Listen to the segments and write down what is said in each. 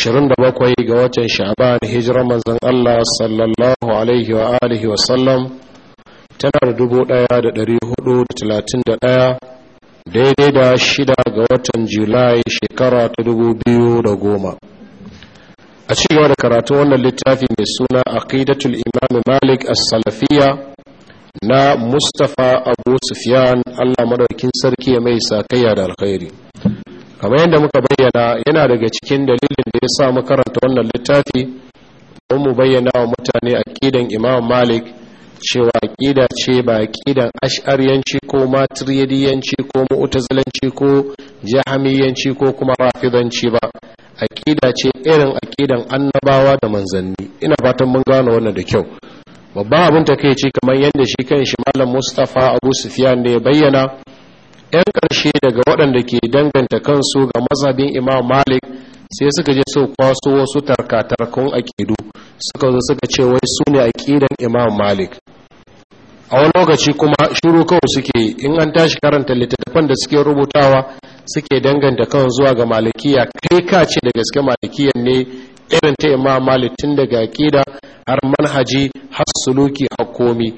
27 ga watan sha'ban hijira manzon Allah sallallahu alaihi wa alihi wa sallam tana da daidai da shida ga watan julai shekara ta da goma. a cigaba da karatun wannan littafi mai suna aqidatul imam malik as-salafiyya na mustafa abu sufyan Allah madaukin sarki mai sakayya da alkhairi kamar yadda muka bayyana yana daga cikin dalilin da ya sa makaranta wannan littafi don mu bayyana wa mutane a aƙidan imam malik cewa kida ce ba kidan ash'aryanci ko matriyadiyanci ko mu'tazilanci ko jahamiyanci ko kuma rafidanci ba aƙida ce irin aƙidan annabawa da manzanni ina fatan mun gano wannan da kyau babban abin ta kai ce kamar yadda shi kan shi malam mustapha abu sufyan ne ya bayyana 'yan ƙarshe daga waɗanda ke danganta kansu ga mazabin imam malik sai suka je su kwaso wasu tarkatarkun aƙidu suka zo suka ce wai su ne aƙidan imam malik a wani lokaci kuma shiru kawai suke in an tashi karanta littattafan da suke rubutawa suke danganta kan zuwa ga malikiya kai ka ce da gaske malikiyan ne irin ta imam malik tun daga akida har manhaji har suluki har komi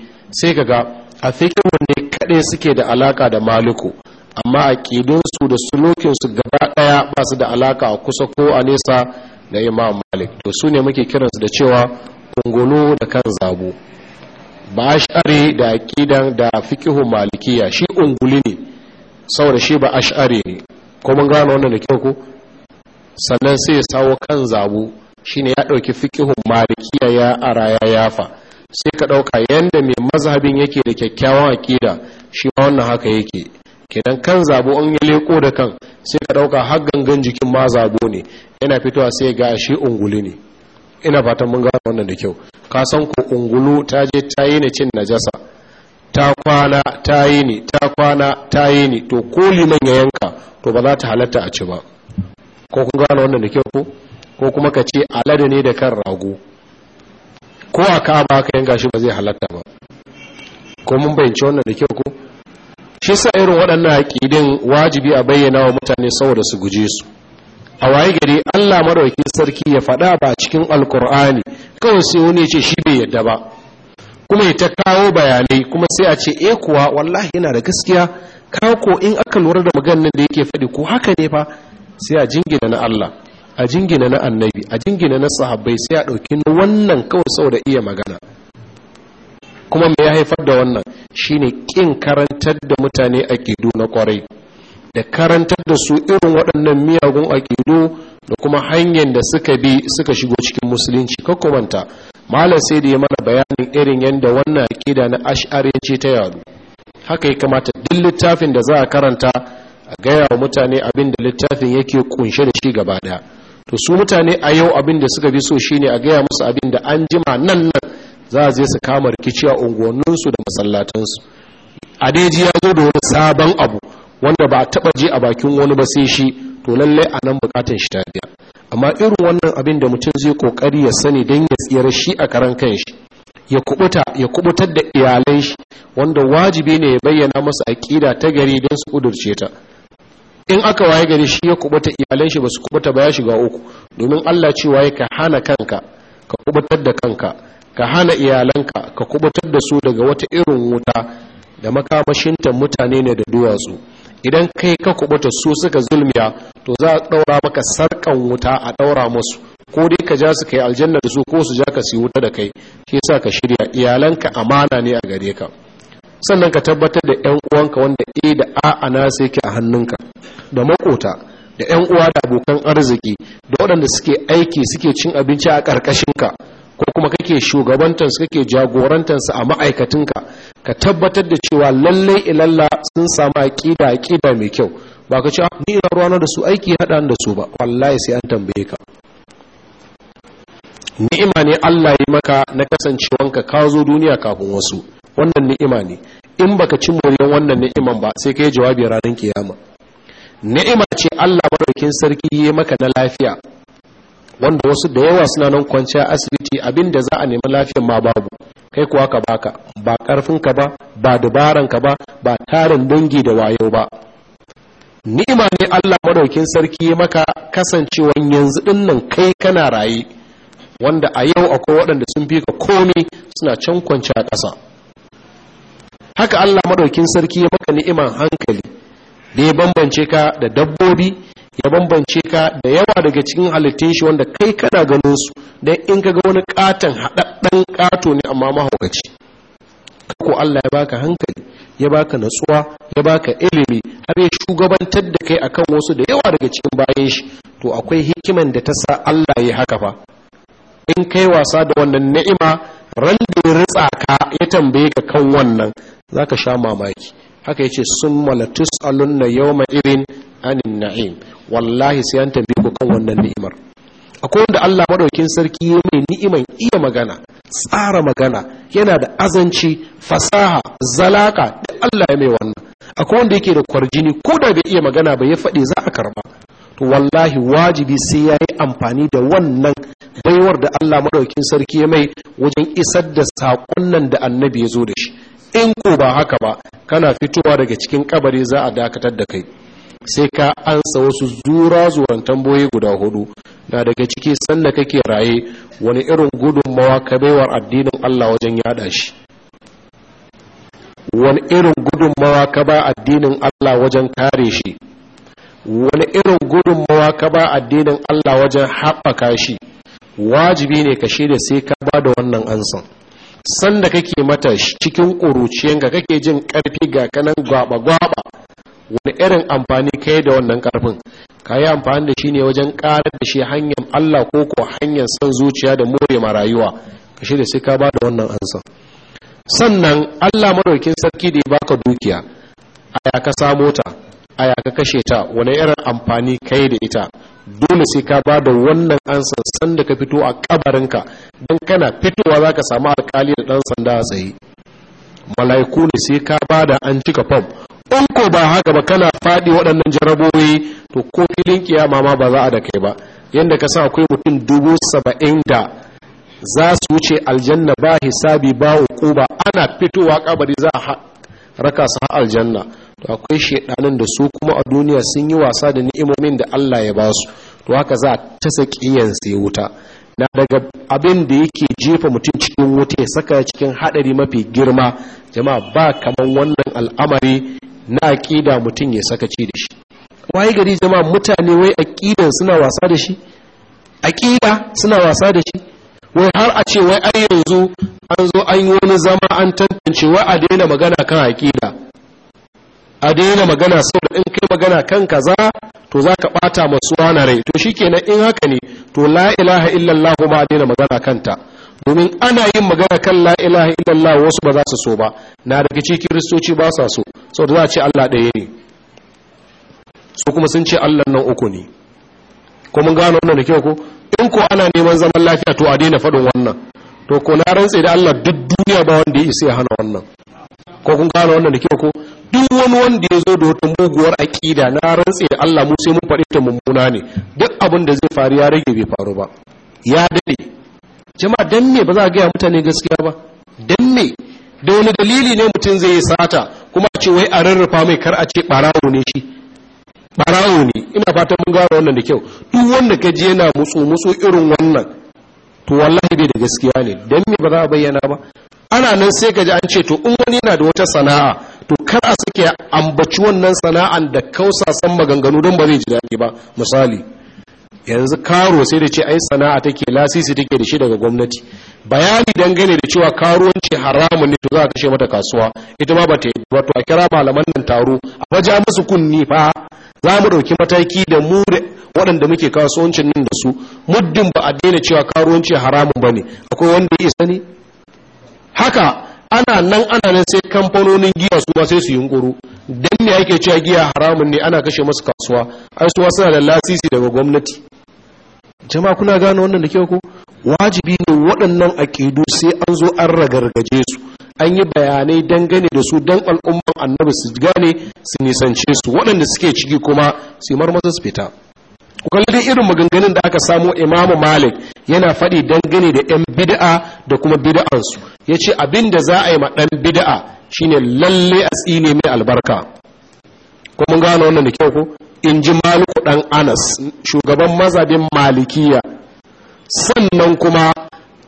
sai kaga a fikin ne kaɗai suke da alaka da maliku amma aƙidunsu da sulukinsu gaba ɗaya ba su da alaka a kusa ko a nesa da imam malik to su ne muke kiransu da cewa ungulu da kan zabu ba ash'ari da aƙidan da fikihu malikiya shi unguli ne saboda shi ba ash'ari ne ko gano wannan da kyau ko sannan sai ya sawo kan zabu shine ya ɗauki fikihun malikiya ya a araya yafa sai ka ɗauka yadda mai mazhabin yake da kyakkyawan aƙida shi ma wannan haka yake kenan kan zabo an ya leko da kan sai ka dauka har gangan jikin ma zabo ne yana fitowa sai ga shi ungulu ne ina fatan mun gano wannan da kyau ka san ko ungulu ta je ta yi ne cin najasa ta kwana ta yi ne ta kwana ta yi ne to ko liman ya yanka to ba za ta halatta a ci ba ko kun gano wannan da kyau ko ko kuma ka ce alade ne da kan rago ko a ka ba ka yanka shi ba zai halatta ba ko mun bayyance wannan da kyau ko shi sa irin waɗannan aƙidin wajibi a bayyana wa mutane saboda su guje su a waye gari Allah madaukakin sarki ya faɗa ba cikin alkur'ani kawai sai wani ce shi bai yadda ba kuma ya ta kawo bayanai kuma sai a ce eh kuwa wallahi yana da gaskiya ko in aka lura da maganar da yake faɗi ko haka ne fa sai a jingina na Allah a jingina na annabi a jingina na sahabbai sai a ɗauki wannan kawai saboda iya magana kuma mai haifar da wannan shine ƙin karantar da mutane a aƙidu na kwarai da karantar da su irin waɗannan miyagun a aƙidu da kuma hanyar da suka bi suka shigo cikin musulunci kakkumanta malam sai da ya mana bayanin irin yadda wannan kida na ash'ariyanci ta yadu haka ya kamata duk littafin da za a karanta a gaya wa mutane abin da littafin yake kunshe da shi gaba ɗaya to su mutane a yau abin da suka bi so shine a gaya musu abin da an jima nan nan za a je su kama rikici a unguwanninsu da masallatansu adeji ya zo da wani sabon abu wanda ba a taba je a bakin wani ba sai shi to lallai a nan bukatan shi tafiya amma irin wannan abin da mutum zai kokari ya sani don ya tsira shi a karan shi ya kubuta ya kubutar da iyalai shi wanda wajibi ne ya bayyana masa aqida ta gari don su kudurce ta in aka waye gari shi ya kubuta iyalan shi ba su kubuta ba ya shiga uku domin Allah cewa ya ka hana kanka ka kubutar da kanka ka hana iyalanka ka kubutar da su daga wata irin wuta da makamashinta mutane ne da duwatsu idan kai ka kubuta su suka zulmiya to za a ɗaura maka sarkan wuta a ɗaura musu ko dai ka ja su kai aljanna da su ko su ja ka su wuta da kai shi sa ka shirya iyalanka amana ne a gare ka sannan ka tabbatar da yan uwanka wanda a da a na sai ke a hannunka da makota da yan uwa da abokan arziki da waɗanda suke aiki suke cin abinci a ƙarƙashinka ko kuma kake shugabantansu kake jagorantansu a ma'aikatinka ka tabbatar da cewa lallai ilalla sun samu aƙida aƙida mai kyau ba ka ce ah, ni ina ruwana da su aiki haɗa da su ba wallahi sai an tambaye ka ni'ima ne Allah yi maka na kasancewanka ka zo duniya kafin wasu wannan ni'ima ne in baka ci moriyar wannan ni'iman ba sai ka yi jawabi ranar kiyama ni'ima ce Allah madaukin sarki yi maka na lafiya wanda wasu da yawa suna nan kwanciya asibiti abinda za a nemi lafiyar ma babu kai kuwa ka baka ba karfinka ba ba dabaranka ba ba tarin dangi da wayo ba ni'ima ne Allah madaukin sarki ya maka kasancewan yanzu dinnan kai kana raye wanda a yau akwai waɗanda sun fi ka komai suna can kwanciya ƙasa haka Allah madaukin sarki ya maka ni'iman hankali da ya bambance ka da dabbobi ya bambance ka da yawa daga cikin halittun shi wanda kai kana ganin su dan in ka ga wani katon haɗaɗɗen ƙato ne amma mahaukaci ko Allah ya baka hankali ya baka natsuwa ya baka ilimi har ya shugabantar da kai akan wasu da yawa daga cikin bayan shi to akwai hikiman da ta sa Allah ya haka fa in kai wasa da wannan ni'ima ran da ya ritsa ka ya tambaye ka kan wannan zaka sha mamaki haka yace summa latus'alunna yawma idin anin na'im wallahi sai an tambaye ku kan wannan ni'imar akwai wanda Allah madaukin sarki ya mai ni'iman iya magana tsara magana yana da azanci fasaha zalaka duk Allah ya mai wannan akwai wanda yake da kwarjini ko da bai iya magana ba ya faɗi za a karba to wallahi wajibi sai yayi amfani da wannan baiwar da Allah madaukin sarki ya mai wajen isar da saƙon nan da annabi ya zo da shi in ko ba haka ba kana fitowa daga cikin kabari za a dakatar da kai sai ka ansa wasu zura zuwan tamboyi guda hudu na daga ciki sanda kake raye wani irin gudunmawa ka baiwar addinin Allah wajen yada shi wani irin gudunmawa ka ba addinin Allah wajen kare shi wani irin gudunmawa ka ba addinin Allah wajen haɓaka shi wajibi ne ka shirya sai ka ba da wannan ansan sanda kake mata cikin ƙuruciyanka kake jin ƙarfi ga kanan gwaba-gwaba wani irin amfani kai da wannan ƙarfin ka yi amfani da shi ne wajen ƙarar da shi hanyar allah ko ko hanyar son zuciya da more ma rayuwa ka shirya sai ka ba da wannan ansa sannan allah madaukin sarki da ya baka dukiya a ya ka samo ta ya ka kashe ta wani irin amfani kai da ita dole sai ka ba da wannan ansa sanda ka fito a kabarinka don kana fitowa za ka samu alkali da ɗan sanda a tsaye mala'iku ne sai ka ba da an cika fam in ko ba haka ba kana faɗi waɗannan jarabowi to ko filin kiyama ma ba za a da kai ba yadda ka sa akwai mutum dubu saba'in da za su wuce aljanna ba hisabi ba ba ana fitowa kabari za a raka su aljanna to akwai shaidanin da su kuma a duniya sun yi wasa da ni'imomin da Allah ya ba su to haka za a tasa kiyan sai wuta na daga abin da yake jefa mutum cikin wuta ya saka cikin hadari mafi girma jama'a ba kaman wannan al'amari na aqida mutum ya saka ci da shi waye gari jama'a mutane wai aqidan suna wasa da shi aqida suna wasa da shi wai har a ce wai ai yanzu an zo an yi wani zama an tantance wai a daina magana kan aqida a daina magana saboda in kai magana kan kaza to za ka ɓata masu wana rai to shikenan in haka ne to la ilaha illallah ma daina magana kanta domin ana yin magana kan la ilaha illallah wasu ba za su so ba na daga cikin kiristoci ba sa so saboda za a ce Allah ɗaya ne su kuma sun ce Allah nan uku ne ko mun gano wannan da kyau ko in ko ana neman zaman lafiya to a daina faɗin wannan to ko na rantse da Allah duk duniya ba wanda ya isa ya hana wannan ko kun gano wannan da kyau ko duk wani wanda ya zo da wata muguwar aƙida na rantse da Allah mu sai mun faɗi ta mummuna ne duk abin da zai faru ya rage bai faru ba ya dade jama'a dan me ba za a gaya mutane gaskiya ba dan me da wani dalili ne mutum zai yi sata kuma a ce wai a rarrafa mai kar a ce ɓarawo ne shi ɓarawo ne ina fatan mun ga wannan da kyau duk wanda ka je yana mutsu mutsu irin wannan to wallahi bai da gaskiya ne dan me ba za a bayyana ba ana nan sai ka ji an ce to in wani yana da wata sana'a to kar a sake ambaci wannan sana'an da kausa kausasan maganganu don ba zai ji daɗi ba misali yanzu karo sai da ce ai sana'a take lasisi take da shi daga gwamnati bayani dangane da cewa karuwanci haramun ne to za a kashe mata kasuwa ita ma ba ta yi wato a kira malaman nan taro a baja musu kunni fa za mu ɗauki mataki da mu da waɗanda muke kasuwancin nan da su muddin ba a daina cewa karuwanci haramun ba ne akwai wanda ya sani haka ana nan ana nan sai kamfanonin giya su ba sai su yunkuru dan ne yake cewa giya haramun ne ana kashe masu kasuwa ai su suna da lasisi daga gwamnati jama'a kuna gane wannan da kyau ko wajibi ne waɗannan aƙidu sai an zo an ragargaje su an yi bayanai dangane da su don al'umman annabi su gane su nisance su waɗanda suke ciki kuma su yi marmasa su fita kwalli irin maganganun da aka samo imamu malik yana faɗi dangane da 'yan bid'a da kuma bid'ansu ya ce abin da za a yi maɗan bid'a shine lalle a tsine mai albarka kuma gano wannan da kyau ko in ji maluku ɗan anas shugaban mazabin malikiya sannan kuma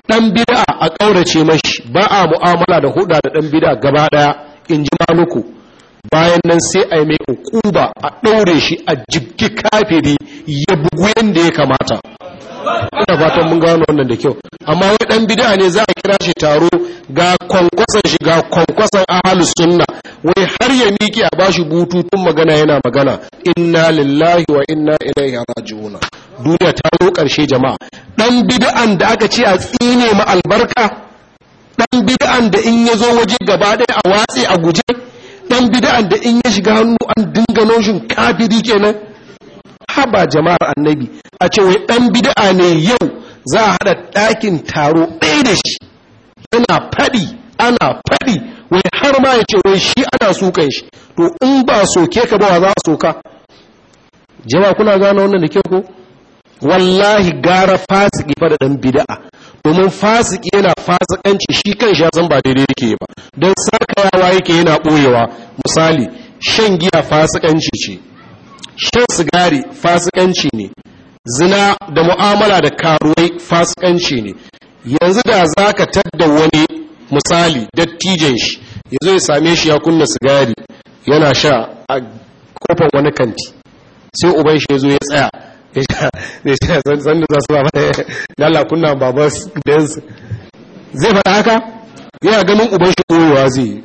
ɗan bid'a a ƙaurace mashi ba a mu'amala da huda da ɗan bid'a gaba ɗaya in ji maluku. bayan nan sai a yi mai ukuba a ɗaure shi a jibgi kafiri ya bugu yadda ya kamata ina fatan mun gano wannan da kyau amma wai dan bid'a ne za a kira shi taro ga kwankwasan shi ga kwankwasan ahlus sunna wai har ya miki a bashi bututun magana yana magana inna lillahi wa inna ilaihi raji'un duniya ta zo karshe jama'a dan bid'an da aka ce a tsine ma albarka dan bid'an da in yazo waje gaba ɗaya a watse a guje ɗan bida'an da in ya shiga hannu an dinga noshin kafiri kenan haba jama'ar annabi a ce wai ɗan bida'a ne yau za a haɗa ɗakin taro ɗaya da shi yana faɗi ana faɗi wai har ma ya ce wai shi ana sukan shi to in ba soke ka ba za a soka jama'a kuna gano wannan da ke ko wallahi gara fasiki fada dan bid'a domin fasiki yana fasikanci shi kan shi san ba daidai yake ba don sakayawa yake yana boyewa misali shan giya fasikanci ce shan sigari fasikanci ne zina da mu'amala da karuwai fasikanci ne yanzu da zaka ka tadda wani misali dattijan shi ya ya same shi ya kunna sigari yana sha a kofar wani kanti sai uban shi ya zo ya tsaya zai san da za su ba lalla kunna baban zai faɗa haka yana ganin uban shi koyowa zai yi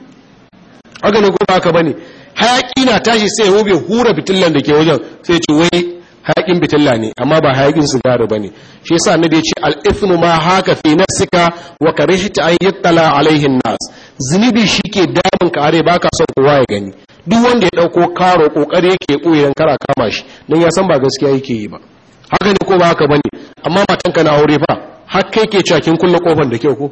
haka ne kuma haka bane hayaƙi na tashi sai ya hube hura fitillan da ke wajen sai ce wai hayaƙin fitilla ne amma ba hayaƙin sigari ba ne shi yasa na ya ce al-ithmu ma haka fi nafsika wa karihta an yattala alaihin nas zunubi ke damun ka are baka son kowa ya gani duk wanda ya ɗauko karo ƙoƙari yake ɓoye kara kama shi don ya san ba gaskiya yake yi ba haka ne ko ba haka bane amma matanka na aure fa har kai ke cakin kulle kofar da kyau ko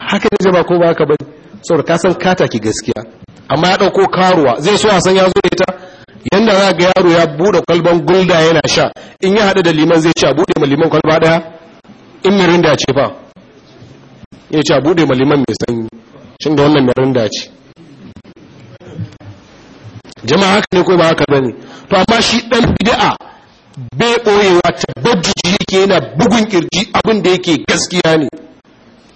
haka ne ba ko ba haka bane saboda ka san kata ki gaskiya amma ya ɗauko karuwa zai so a san ya zo ita yanda za ga yaro ya buɗe kwalban gulda yana sha in ya haɗu da liman zai ci a buɗe ma liman kwalba ɗaya in mirinda ce fa ya ce a buɗe ma liman mai sanyi shin da wannan mirinda ce jama'a haka ne ko ba haka bane to amma shi dan bid'a bai boyewa tabbajiji yake yana bugun kirji abin da yake gaskiya ne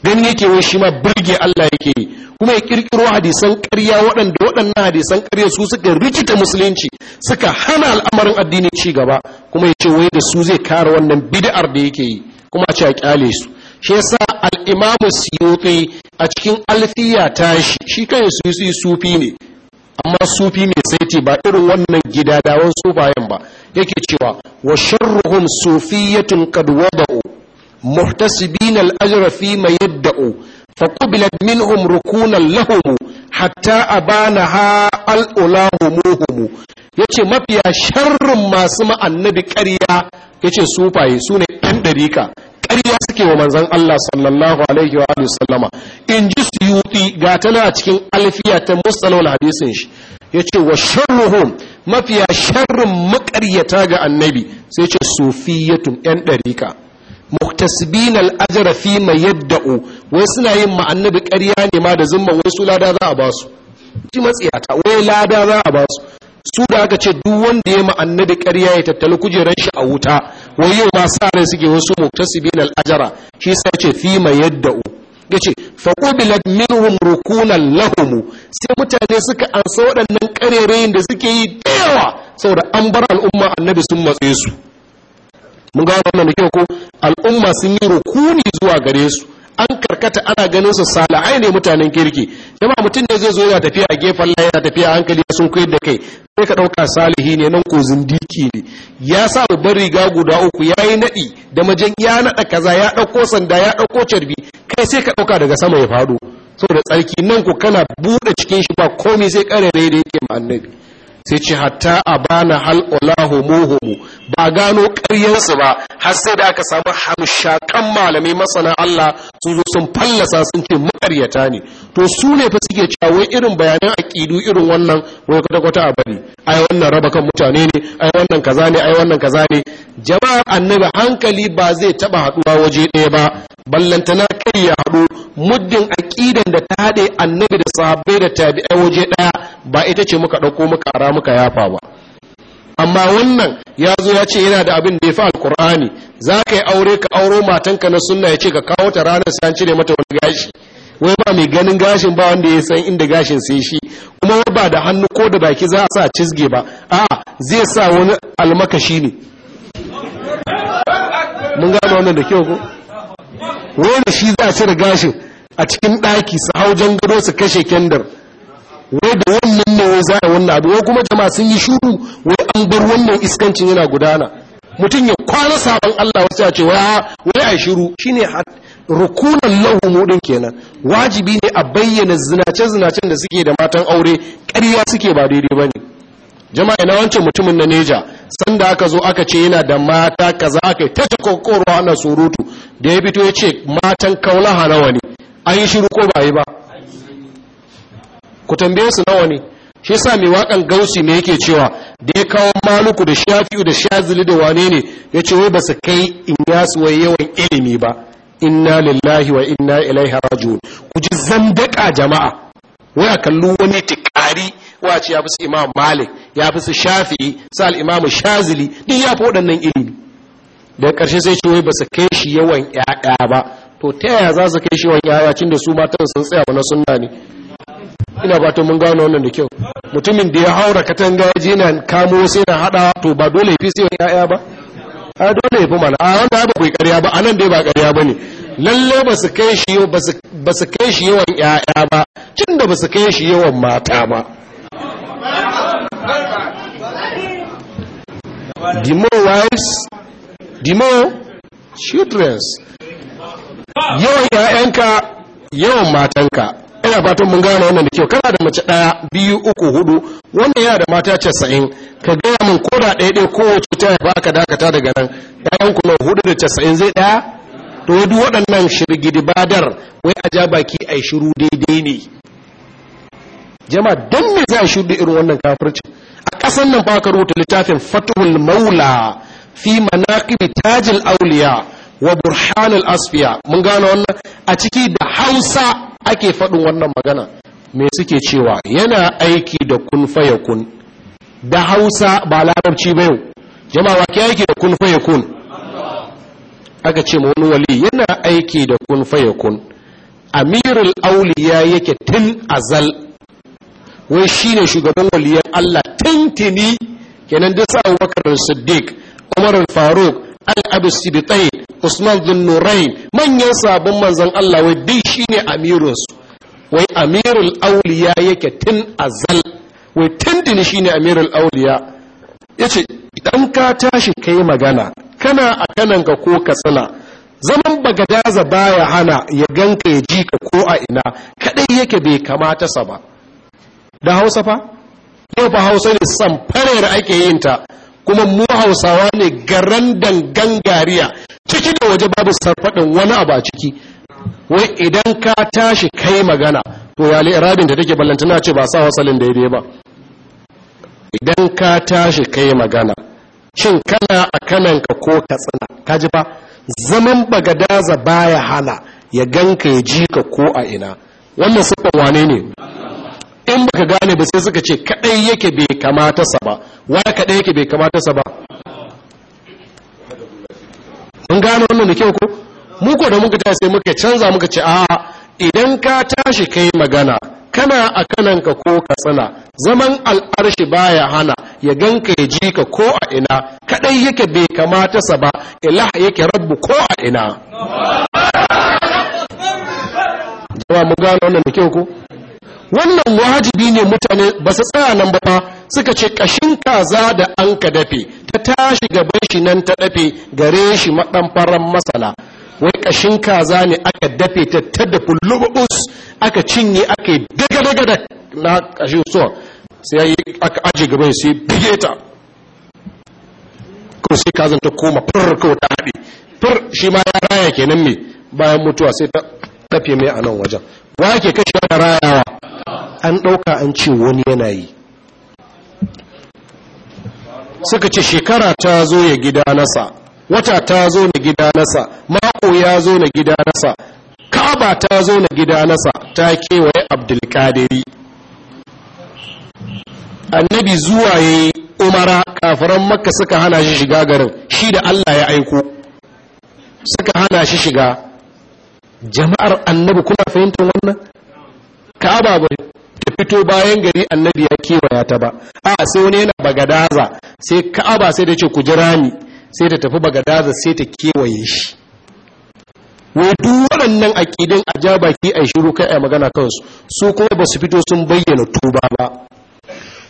dan yake wai shi ma burge Allah yake yi kuma ya kirkiro hadisan ƙarya waɗanda waɗannan hadisan ƙarya su suka rikita musulunci suka hana al'amarin addini ci gaba kuma ya ce wai da su zai kare wannan bid'ar da yake yi kuma a ce a kyale su shi yasa al'imamu imam a cikin alfiya ta shi kai yi sufi ne amma sufi mai saiti ba irin wannan gida gidadawan sufayen ba yake cewa wa sharruhum sufiyatun qad wada'u muhtasibina al-ajra fi ma yad'u fa qubilat minhum rukunan lahum hatta abanaha al ya yace mafiya sharrin masu ma'annabi ƙarya yace sufaye sune ɗan ɗarika ƙarya suke wa manzan Allah sallallahu alaihi wa sallama in ji suyuti ga tana cikin alfiya ta musalawal hadisin shi ya ce wa sharruhum mafiya sharrin maƙaryata ga annabi sai ce sufiyatun yan ɗarika muktasibin al'ajara fi mai yadda'u wai suna yin ma'annabi ƙarya ne ma da zumma wai su lada za a ba su ji matsiyata wai lada za a ba su da aka ce duk wanda ya ma'annabi ƙarya ya tattali kujeran shi a wuta wai yau ma sa ran suke wasu muktasibin al'ajara shi sa ce fi mai yadda u ya ce minhum rukunan lahum sai mutane suka ansa waɗannan ƙarerayin da suke yi da yawa saboda an bar al'umma annabi sun matse su mun ga wannan kyau ko al'umma sun yi rukuni zuwa gare su an karkata ana ganin su sala'ai ne mutanen kirki jama'a mutum da zai zo yana tafiya a gefen layi yana tafiya hankali sun koyar da kai sai ka ɗauka salihi ne nan ko zindiki ne ya sa babban riga guda uku ya yi naɗi da majan ya naɗa kaza ya ɗauko sanda ya ɗauko carbi kai sai ka ɗauka daga sama ya faɗo saboda tsarki nan ko kana buɗe cikin shi ba komai sai ƙarare da yake sai ce hatta a bana hal'ula homo-homo ba gano ƙaryansu ba har sai da aka samu hamshakan malamai masana Allah sun zo sun fallasa sun ce makaryata ne to su ne fa suke cewa wai irin bayanan aqidu irin wannan wai kwata kwata a bari ai wannan raba kan mutane ne ai wannan kaza ne ai wannan kaza ne jama'a annabi hankali ba zai taba haduwa waje ɗaya ba ballantana kai ya haɗu muddin aqidan da ta haɗe annabi da sahabbai da tabi'ai waje ɗaya ba ita ce muka ɗauko muka ara muka yafa ba amma wannan ya zo ya ce yana da abin da ya fi alkur'ani za ka yi aure ka auro matanka na sunna ya ce ka kawo ta ranar sai an cire mata wani gashi wai ba mai ganin gashin ba wanda ya san inda gashin sai shi kuma ba da hannu ko da baki za a sa cizge ba a zai sa wani almakashi ne mun gano wannan da kyau ko wani shi za a cire gashin a cikin ɗaki su hau gado su kashe kyandar wai da wannan ne wai za a wannan abu wai kuma jama'a sun yi shuru wai an bar wannan iskancin yana gudana mutum ya kwana sabon Allah wasu ya ce wai a shiru shine rukunan lahumu din kenan wajibi ne a bayyana zinace-zinacen da suke da matan aure ƙarya suke ba daidai ba ne jama'a ina wancan mutumin na neja sanda aka zo aka ce yana da mata kaza aka yi ta ta ana surutu da ya fito ya ce matan kaulaha nawa ne an yi shiru ko ba yi ba ku tambaye su nawa ne shi sa mai wakan gausi ne yake cewa da ya kawo maluku da shafi'u da shazili da wane ne ya ce wai ba su kai in yasu wai yawan ilimi ba inna lillahi wa inna ilaihi rajiun ku ji zandaka jama'a wai a kallo wani tikari ce ya fi su imam malik ya fi su shafi'i al imam shazili duk ya fi waɗannan ilimi da ƙarshe sai ce wai ba su kai shi yawan ƴaƴa ba to ta yaya za su kai shi yawan ƴaƴa cin da su mata sun tsaya wani sunna ne ina ba mun gano wannan da kyau mutumin da ya haura katanga ya na kamo sai na haɗa to ba dole ya fi sai yawan ƴaƴa ba a dole ya fi mana a wanda ba ku karya ba a nan dai ba karya ba ne lalle ba su kai shi yawan ‘ya'ya ba tun da ba su kai shi yawan mata ba the more wives the more children yawan ‘ya'yanka yawan matanka ina fatan mun gane wannan da kyau kana da mace ɗaya biyu uku hudu wannan yana da mata casa'in ka gaya min ko da ɗaya ɗaya kowace ta ya baka dakata daga nan ɗayan na hudu da casa'in zai ɗaya to yadu waɗannan shirgidi badar wai a ja baki a shiru daidai ne jama don me za a shiru da irin wannan kafircin a ƙasar nan ba ka rubuta littafin fatuhul maula fi manaqibi tajil auliya wa burhanul asfiya mun gane wannan a ciki da hausa ake faɗin wannan magana me suke cewa yana aiki da kun faya kun da hausa ba larabci ba yau jama'a ke aiki da kun faya kun aka ce ma wani wali yana aiki da kun faya kun amirul auliya yake tun azal wai shine shugaban waliyar Allah tintini kenan da sa Abubakar Siddiq Umar Faruk al'adu sibitai usman zunnurai manyan sabon manzan allah wai shi ne amirinsu wai amirul auliya yake tun azal wai tun dini shi ne amirul auliya ya ce idan ka tashi kai magana kana a ka ko katsina zaman bagadaza baya hana ya ganka ya ji ka ko a ina kadai yake bai kamata sa ba da hausa fa yau ba hausa ne samfarera ake yin ta kuma mu hausawa ne garan dangan gariya ciki da waje babu sarfaɗin wani abu a ciki wai idan ka tashi kai magana to ya rabin da take ballanta na ce ba sa wasalin daidai ba idan ka tashi kai magana shin kana a kanan ka ko katsina ka ji ba zaman bagadaza baya hana ya ganka ya ji ka ko a ina wannan siffar wane ne in baka gane ba sai suka ce kadai yake bai kamata sa ba wai kadai yake bai kamata sa ba mun gane wannan da kyau ko mu ko da muka tashi muka canza muka ce a idan ka tashi kai magana kana a kananka ko ka tsana zaman al'arshi baya hana ya ganka ya ji ka ko a ina kadai yake bai kamata sa ba ilaha yake rabbu ko a ina jama'a mun gane wannan da kyau ko wannan wajibi ne mutane ba su tsaya nan ba suka ce kashin kaza da an ka dafe ta tashi gaban shi nan ta dafe gare shi madan faran masala wai kashin kaza ne aka dafe ta ta da fulubus aka cinye aka yi daga da na kashin so sai aka aje gaban sai bige ta ko sai kazan ta koma fur ko ta haɗe fur shi ma ya raya kenan me bayan mutuwa sai ta dafe mai a nan wajen wa ke kashe wata rayawa an ɗauka an ce wani yana yi suka ce shekara ta zo ya gida nasa wata ta zo na gida nasa mako ya zo na gida nasa kaba ta zo na gida nasa ta kewaye abdulkadiri annabi zuwa ya yi umara kafiran makka suka hana shi shiga garin shi da allah ya aiko suka hana shi shiga jama'ar annabi kuna fahimtar wannan ka'aba ba ta fito bayan gari annabi ya kewaya ta ba a sai wani yana bagadaza sai ka'aba sai da ce ku jira ni sai ta tafi bagadaza sai ta kewaye shi wai duk waɗannan aƙidin a ja baki a shiru kai a magana kansu su kuma ba su fito sun bayyana tuba ba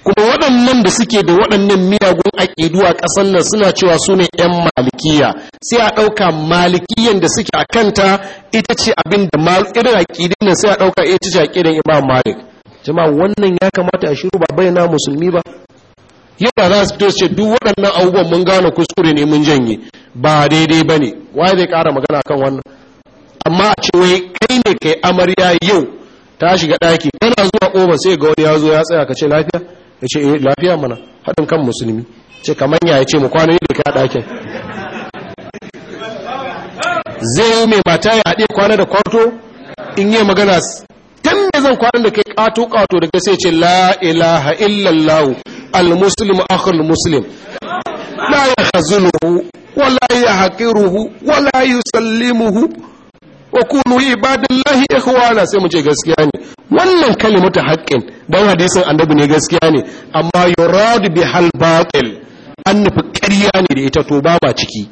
kuma waɗannan da suke da waɗannan miyagun aƙidu a ƙasar nan suna cewa su ne 'yan malikiya sai a ɗauka malikiyan da suke a kanta ita ce abin da irin aƙidin nan sai a ɗauka ita ce aƙidin imam malik jama'a wannan ya kamata a shiru ba bayyana musulmi ba yau ba za su fito su ce duk waɗannan abubuwan mun gane kuskure ne mun janye ba daidai ba ne waye zai ƙara magana kan wannan amma a ce wai kai ne kai amarya yau ta shiga ɗaki tana zuwa ƙofa sai ga wani ya zo ya tsaya ka ce lafiya ya ce eh, lafiya mana haɗin kan musulmi ce kamar ya ce mu kwanani da ka ɗakin zai yi mai mata ya haɗe kwana da kwato in yi magana tun da zan kwanan da kai ƙato ƙato daga sai ce la ilaha illallahu al-muslim akhul muslim la ya khazuluhu wala ya haƙiruhu wala yusallimuhu wa kunu ibadallahi ikhwana sai mu ce gaskiya ne wannan kalimatu haqqin dan hadisin annabi ne gaskiya ne amma yurad bihal batil an nufi ƙarya ne da ita to ba ciki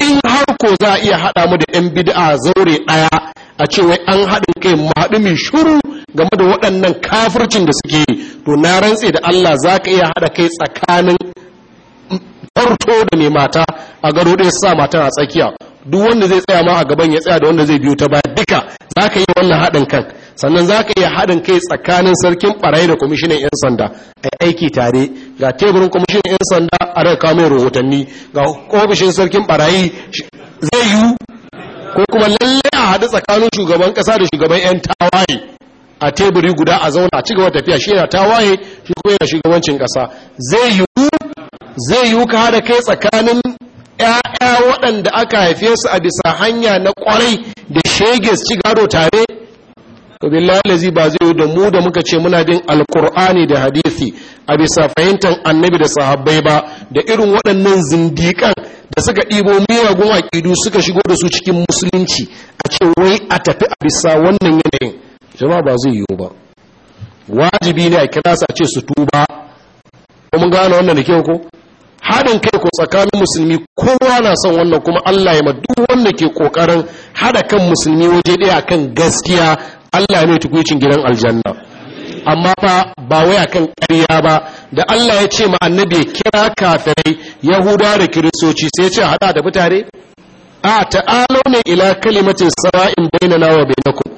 in har ko za a iya haɗa mu da 'yan bid'a zaure ɗaya a ce wai an haɗin kai mu haɗu mai shuru game da waɗannan kafircin da suke yi to na rantse da Allah za ka iya haɗa kai tsakanin farto da mai mata a garo ɗaya sa matan a tsakiya duk wanda zai tsaya ma a gaban ya tsaya da wanda zai biyo ta baya duka za ka yi wannan haɗin kan sannan za ka yi haɗin kai tsakanin sarkin ɓarayi da kwamishinan 'yan sanda a aiki tare ga teburin kwamishinan 'yan sanda a daga kawo rahotanni ga ofishin sarkin ɓarayi zai yi ko kuma lalle a haɗu tsakanin shugaban ƙasa da shugaban 'yan tawaye a teburi guda a zauna a gaba tafiya shi yana tawaye shi kuma yana shugabancin ƙasa zai yi zai yi ka haɗa kai tsakanin ‘ya'ya waɗanda aka haife su a bisa hanya na ƙwarai da shege ci gado tare to billahi ba zai yi da mu da muka ce muna bin alkur'ani da Hadithi. a bisa fahimtar annabi da sahabbai ba da irin waɗannan zindikan da suka ɗibo miyagun aƙidu suka shigo da su cikin musulunci a ce wai a tafi a bisa wannan yanayin jama'a ba zai yiwu ba wajibi ne a kira su ce su tuba mun gane wannan da kyau ko haɗin kai ko tsakanin musulmi kowa na son wannan kuma Allah ya duk wanda ke ƙoƙarin haɗa kan musulmi waje ɗaya kan gaskiya Allah ne tukuicin gidan aljanna amma fa ba wai kan ƙarya ba da Allah ya ce ma annabi kira kafirai yahuda da kiristoci sai ce haɗa da mutane a ta'alo ne ila kalimatin sara'in bainana wa bainakum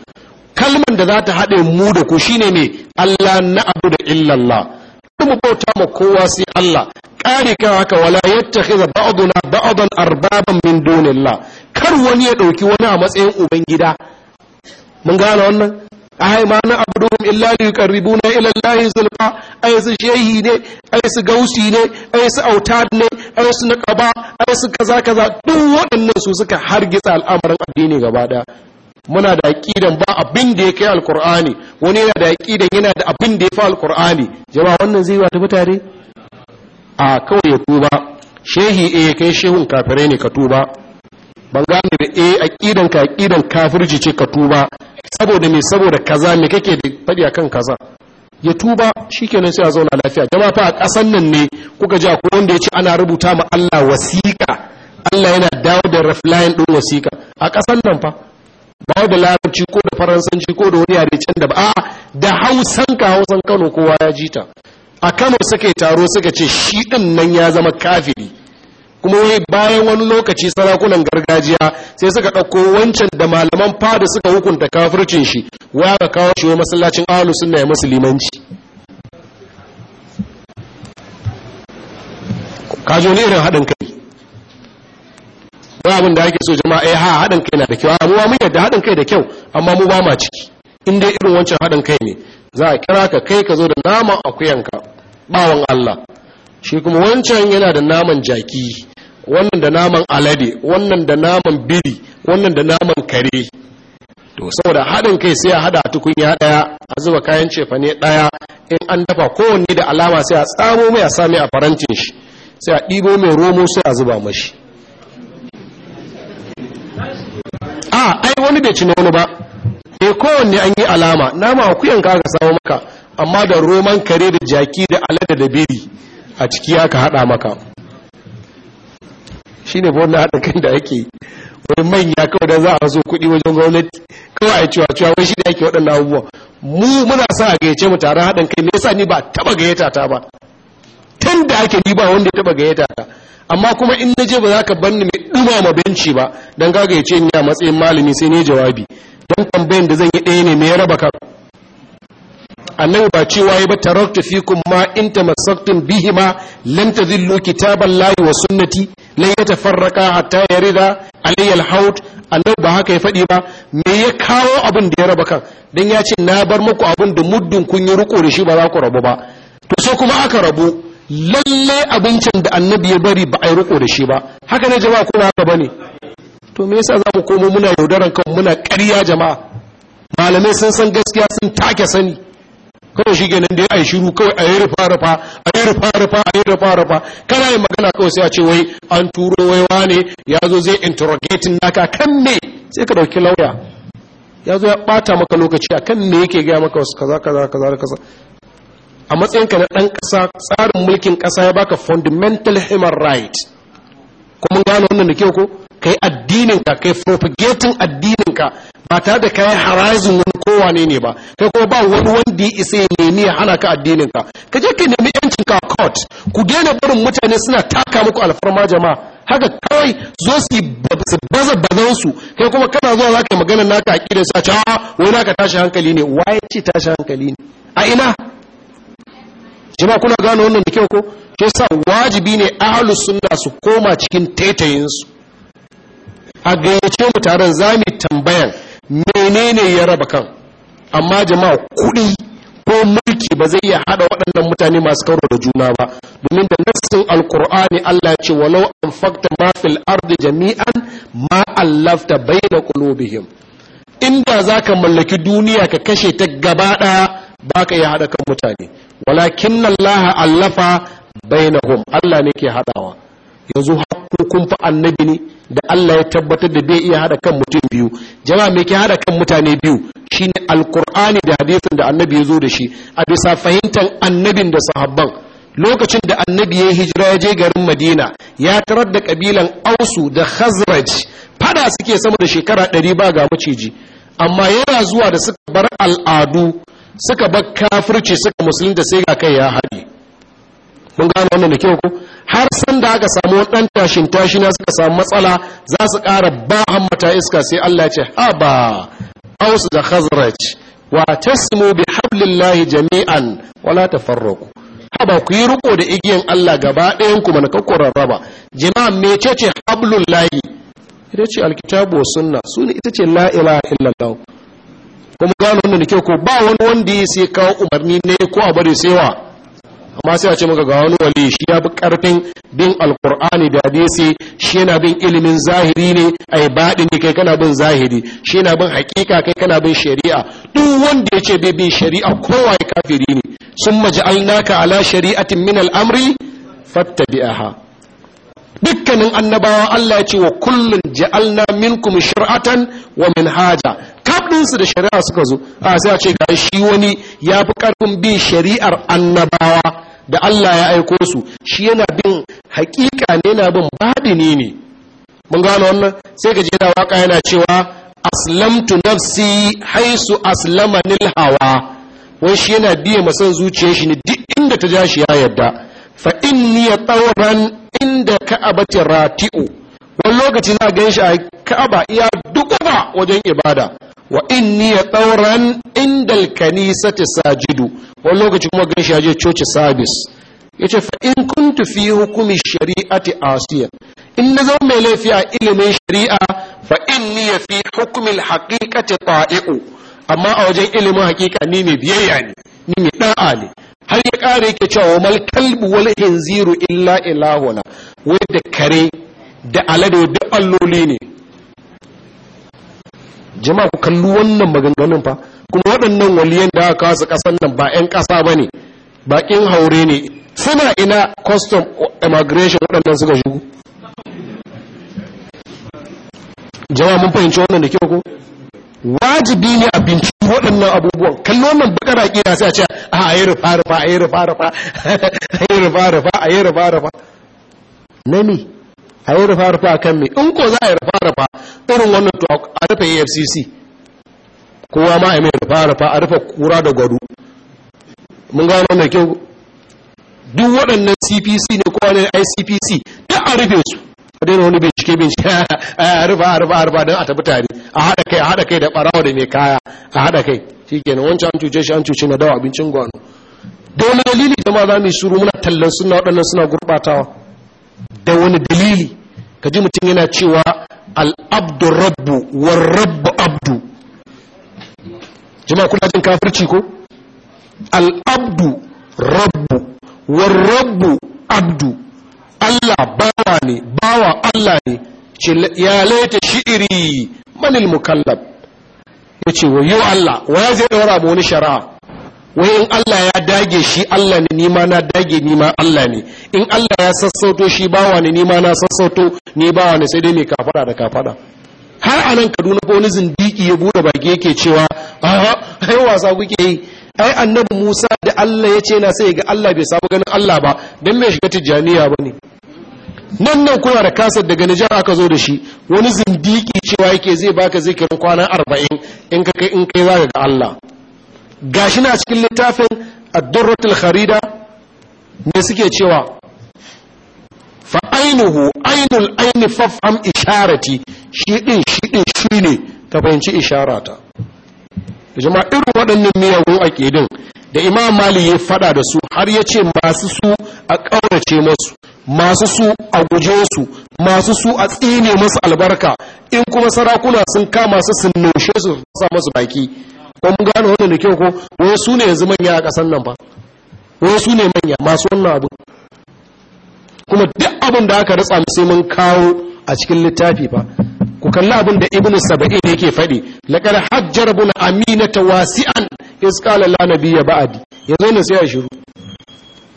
kalman da za ta haɗe mu da ku shine ne Allah na abu da illallah mu bauta ma kowa sai Allah kare kan haka wala yattakhidha ba'duna ba'dan arbaban min dunillah kar wani ya dauki wani a matsayin uban gida mun gane wannan ai ma na abduhum illa li yuqarribuna ila allahi zulfa ai su shehi ne ai su gausi ne ai su auta ne ai su naqaba ai su kaza kaza duk waɗannan su suka hargitsa al'amarin addini gaba ɗaya muna da aqidan ba abin da ya kai alqur'ani wani yana da aqidan yana da abin da ya fi alqur'ani jama'a wannan zai wata mutare a kawai ya tuba shehi a kai shehun kafirai ne ka tuba ban gane da a aqidan ka aqidan kafirji ce ka tuba saboda me saboda kaza me kake da fadi akan kaza ya tuba shikenan sai a zauna lafiya jama'a fa a kasan nan ne kuka ja akwai wanda ya ce ana rubuta ma Allah wasiƙa Allah yana dawo da raflayin ɗin wasiƙa a ƙasan nan fa ba da larabci ko da faransanci ko da wani yare can da ba a da hausan ka hausan kano kowa ya jita. a kano suka taro suka ce shi ɗin nan ya zama kafiri kuma wai bayan wani lokaci sarakunan gargajiya sai suka ɗauko wancan da malaman fada suka hukunta kafircin shi waya ka kawo shi wa masallacin alu sunna ya musulmanci kajo ne irin haɗin kai wani abin da ake so jama'a ya eh, ha haɗin kai na da kyau amma mun yadda haɗin kai da kyau amma mu ba ma ciki in dai irin wancan haɗin kai ne za a kira ka kai ka zo da nama akuyanka bawan Allah shi kuma wancan yana da naman jaki wannan da naman alade wannan da naman biri wannan da naman kare to saboda haɗin kai sai a haɗa a tukunya ɗaya a zuba kayan cefane ɗaya in an dafa kowanne da alama sai a tsamo mai a sami a farancin shi sai a ɗibo mai romo sai a zuba mashi a ai wani bai ci nono ba e kowanne an yi alama nama akuyan ka aka samu maka amma da roman kare da jaki da alada da biri a ciki aka hada maka shi ne wannan haɗa kan da ake wani manya kawai da za a so kuɗi wajen gwamnati kawai a cewa cewa wai shi da ake waɗannan abubuwa mu muna sa a gayyace mu taron haɗin kai me sa ni ba taɓa gayyata ta ba tun da ake ni ba wanda ya taɓa gayyata ta amma kuma in na je ba za ka bar ni mai ma benci ba don ka gayyace ni a matsayin malami sai ne jawabi don tambayin da zan yi ɗaya ne me ya raba ka annabi ba cewa ya ba taraktu fikum ma in tamassaktum bihima lam tadhillu kitaballahi wa sunnati lan yatafarraqa hatta yarida alayya alhaut annabi ba haka ya faɗi ba me ya kawo abin da ya raba kan dan ya ce na bar muku abin da muddin kun yi riko da shi ba za ku rabu ba to sai kuma aka rabu lalle abincin da annabi ya bari ba a yi riko da shi ba haka ne jama'a kuna haka bane to me yasa za mu komo muna yaudaran kan muna ƙarya jama'a malamai sun san gaskiya sun take sani kawai shi kenan da ya yi shiru kawai a yi rufa rufa a yi rufa rufa a yi rufa rufa kana yi magana kawai sai a ce wai an turo wai wane ya zo zai interrogating naka kan me sai ka dauki lauya ya zo ya bata maka lokaci a kan me yake gaya maka wasu kaza kaza kaza kaza a matsayinka na ɗan kasa tsarin mulkin kasa ya baka fundamental human right kuma gano wannan da kyau ko kai addinin ka kai propagating ka ba tare da kayan harajin wani kowane ne ba kai kuma ba wani wanda isa ya nemi ya hana ka addinin ka ka je ka nemi yancin ka court ku daina barin mutane suna taka muku alfarma jama'a haka kawai zo su baza bazan su kai kuma kana zuwa zaka yi magana naka aqidar sa cewa wai naka tashi hankali ne wai ce tashi hankali ne a ina jama'a kuna gano wannan da kyau ko ke sa wajibi ne ahlus sunna su koma cikin taitayin su a gayyace mu taron zamu tambayan menene ya raba kan amma jama'a kuɗi ko mulki ba zai iya hada waɗannan mutane masu karo da juna ba domin da nassin alkur'ani Allah ya ce walau an fakta ma fil ardi jami'an ma allafta baina qulubihim inda zaka mallaki duniya ka kashe ta gaba ɗaya baka iya hada kan mutane walakin Allah allafa bainahum Allah ne ke hadawa yanzu hakkokun fa annabi ne da Allah ya tabbatar da bai iya hada kan mutum biyu jama'a mai ke hada kan mutane biyu shine alkur'ani da hadisin da annabi ya zo da shi a bisa fahimtar annabin da sahabban lokacin da annabi ya hijira ya je garin madina ya tarar da kabilan ausu da khazraj fada suke sama da shekara ɗari ba ga maciji amma yana zuwa da suka bar al'adu suka bar kafirci suka musulunta sai ga kai ya haɗe mun gano wannan da kyau ko har sun da aka samu ɗan tashin tashi na suka samu matsala za su ƙara ba hammata iska sai Allah ce haba aus da khazraj wa tasmu bi hablillahi jami'an wala tafarraqu haba ku yi riko da igiyan Allah gaba ɗayan ku mana kakkurar raba jama'a mecece hablullahi ita ce alkitabu wa sunna su ita ce la ilaha illallah kuma gano wannan da kyau ko ba wani wanda ya sai kawo umarni ne ko a bari sai wa amma sai a ce maka ga wani wali shi ya fi karfin bin alkur'ani da hadisi shi yana bin ilimin zahiri ne a baɗi ne kai kana bin zahiri shi yana bin hakika kai kana bin shari'a duk wanda ya ce bai bin shari'a kowa ya kafiri ne sun alnaka ala shari'atin min al'amri fattabi'aha dukkanin annabawa Allah ya ce wa kullun ja'alna minkum shir'atan wa minhaja kaɗinsu da shari'a suka zo a sai a ce ga shi wani ya fi ƙarfin bin shari'ar annabawa da Allah ya aiko su shi yana bin hakika ne yana bin baɗi ne ne. mun gano wannan sai ka yana waƙa waka yana cewa aslamtu nafsi haisu aslama nil hawa wai shi yana biye masan zuciyar shi ne duk inda ta ja shi ya yarda fa inni tawran inda ka'abati rati'u wani lokaci za gan shi a ka'aba iya dukuba wajen ibada wa in ni ya tsauran indal kanisati sajidu wani lokaci kuma gan shaje coci sabis ya ce in kuntu hukumin shari’a shari'ati asiya in na zama mai laifi a ilimin shari'a fa ni ya fi hukumin ta ta'i'u amma a wajen ilimin haƙiƙa ni mai biyayya ne ni mai ɗa'a ne har ya ƙara yake cewa mal kalbu wal hinziru illa ilahuna wai da kare da alade duk alloli ne jama'a ku kalli wannan maganganun fa kuma waɗannan waliyan da aka kawo su ƙasar nan ba 'yan ƙasa ba ne baƙin haure ne suna ina custom immigration waɗannan suka shigo jama'a mun fahimci wannan da kyau ko wajibi ne a binciki waɗannan abubuwan kallo wannan bakara kira sai a ce ah, a yi rufa rufa a yi rufa rufa a yi rufa rufa a yi rufa rufa na ne a yi rufa rufa a kan mai in ko za a yi rufa rufa irin wannan to a rufe afcc kowa ma a mai rufa rufa a rufe kura da gwado mun gano mai kyau duk waɗannan cpc ne ko wani icpc duk a rufe su a daina wani bincike bincike a rufa a rufa a rufa don a tafi tare a haɗa kai a haɗa kai da ɓarawa da mai kaya a haɗa kai shi kenan wancan an cuce shi an cuce na dawa abincin gwano da wani dalili ma za mu yi shuru muna tallan suna waɗannan suna gurɓatawa da wani dalili ka ji mutum yana cewa al'abdu rabbu war rabbu abdu jama'a kuna jin kafirci ko al'abdu rabbu war rabbu abdu Allah bawa ne bawa Allah ne ya laita shi'iri manil mukallab ya ce wa yi Allah wa ya zai ɗaura wani shari'a Wai in Allah ya dage shi Allah ne nima na dage nima Allah ne in Allah ya sassauto shi bawa ne nima na sassauto ne bawa ne sai dai mai kafada da kafada har a nan kaduna ko wani zindiki ya bude baki yake cewa ai wasa kuke yi ai annabi musa da allah ya ce na sai ga allah bai sabu ganin allah ba dan mai shiga tijjaniya ba ne nan nan kuna da kasar daga nijar aka zo da shi wani zindiki cewa yake zai baka zikirin kwana arba'in in ka kai in kai za ga allah gashi na cikin littafin ad harida kharida ne suke cewa fa ainuhu ainul aini fafham isharati shi din shi din shi ne ta fahimci isharata jama'a irin waɗannan miyagun aƙidin da imam mali ya fada da su har ya ce masu su a ƙaurace masu masu su a guje su masu su a tsine masu albarka in kuma sarakuna sun kama su sun naushe su sa masu baki ko mun gano wannan da kyau ko wani su ne yanzu manya a ƙasar nan ba wani su ne manya masu wannan abu kuma duk abin da aka ritsa sai mun kawo a cikin littafi ba ku kalli abin da ibnu saba'in yake faɗi laqad hajjar Amina ta wasi'an is qala la nabiyya ba'di ya ne sai ya shiru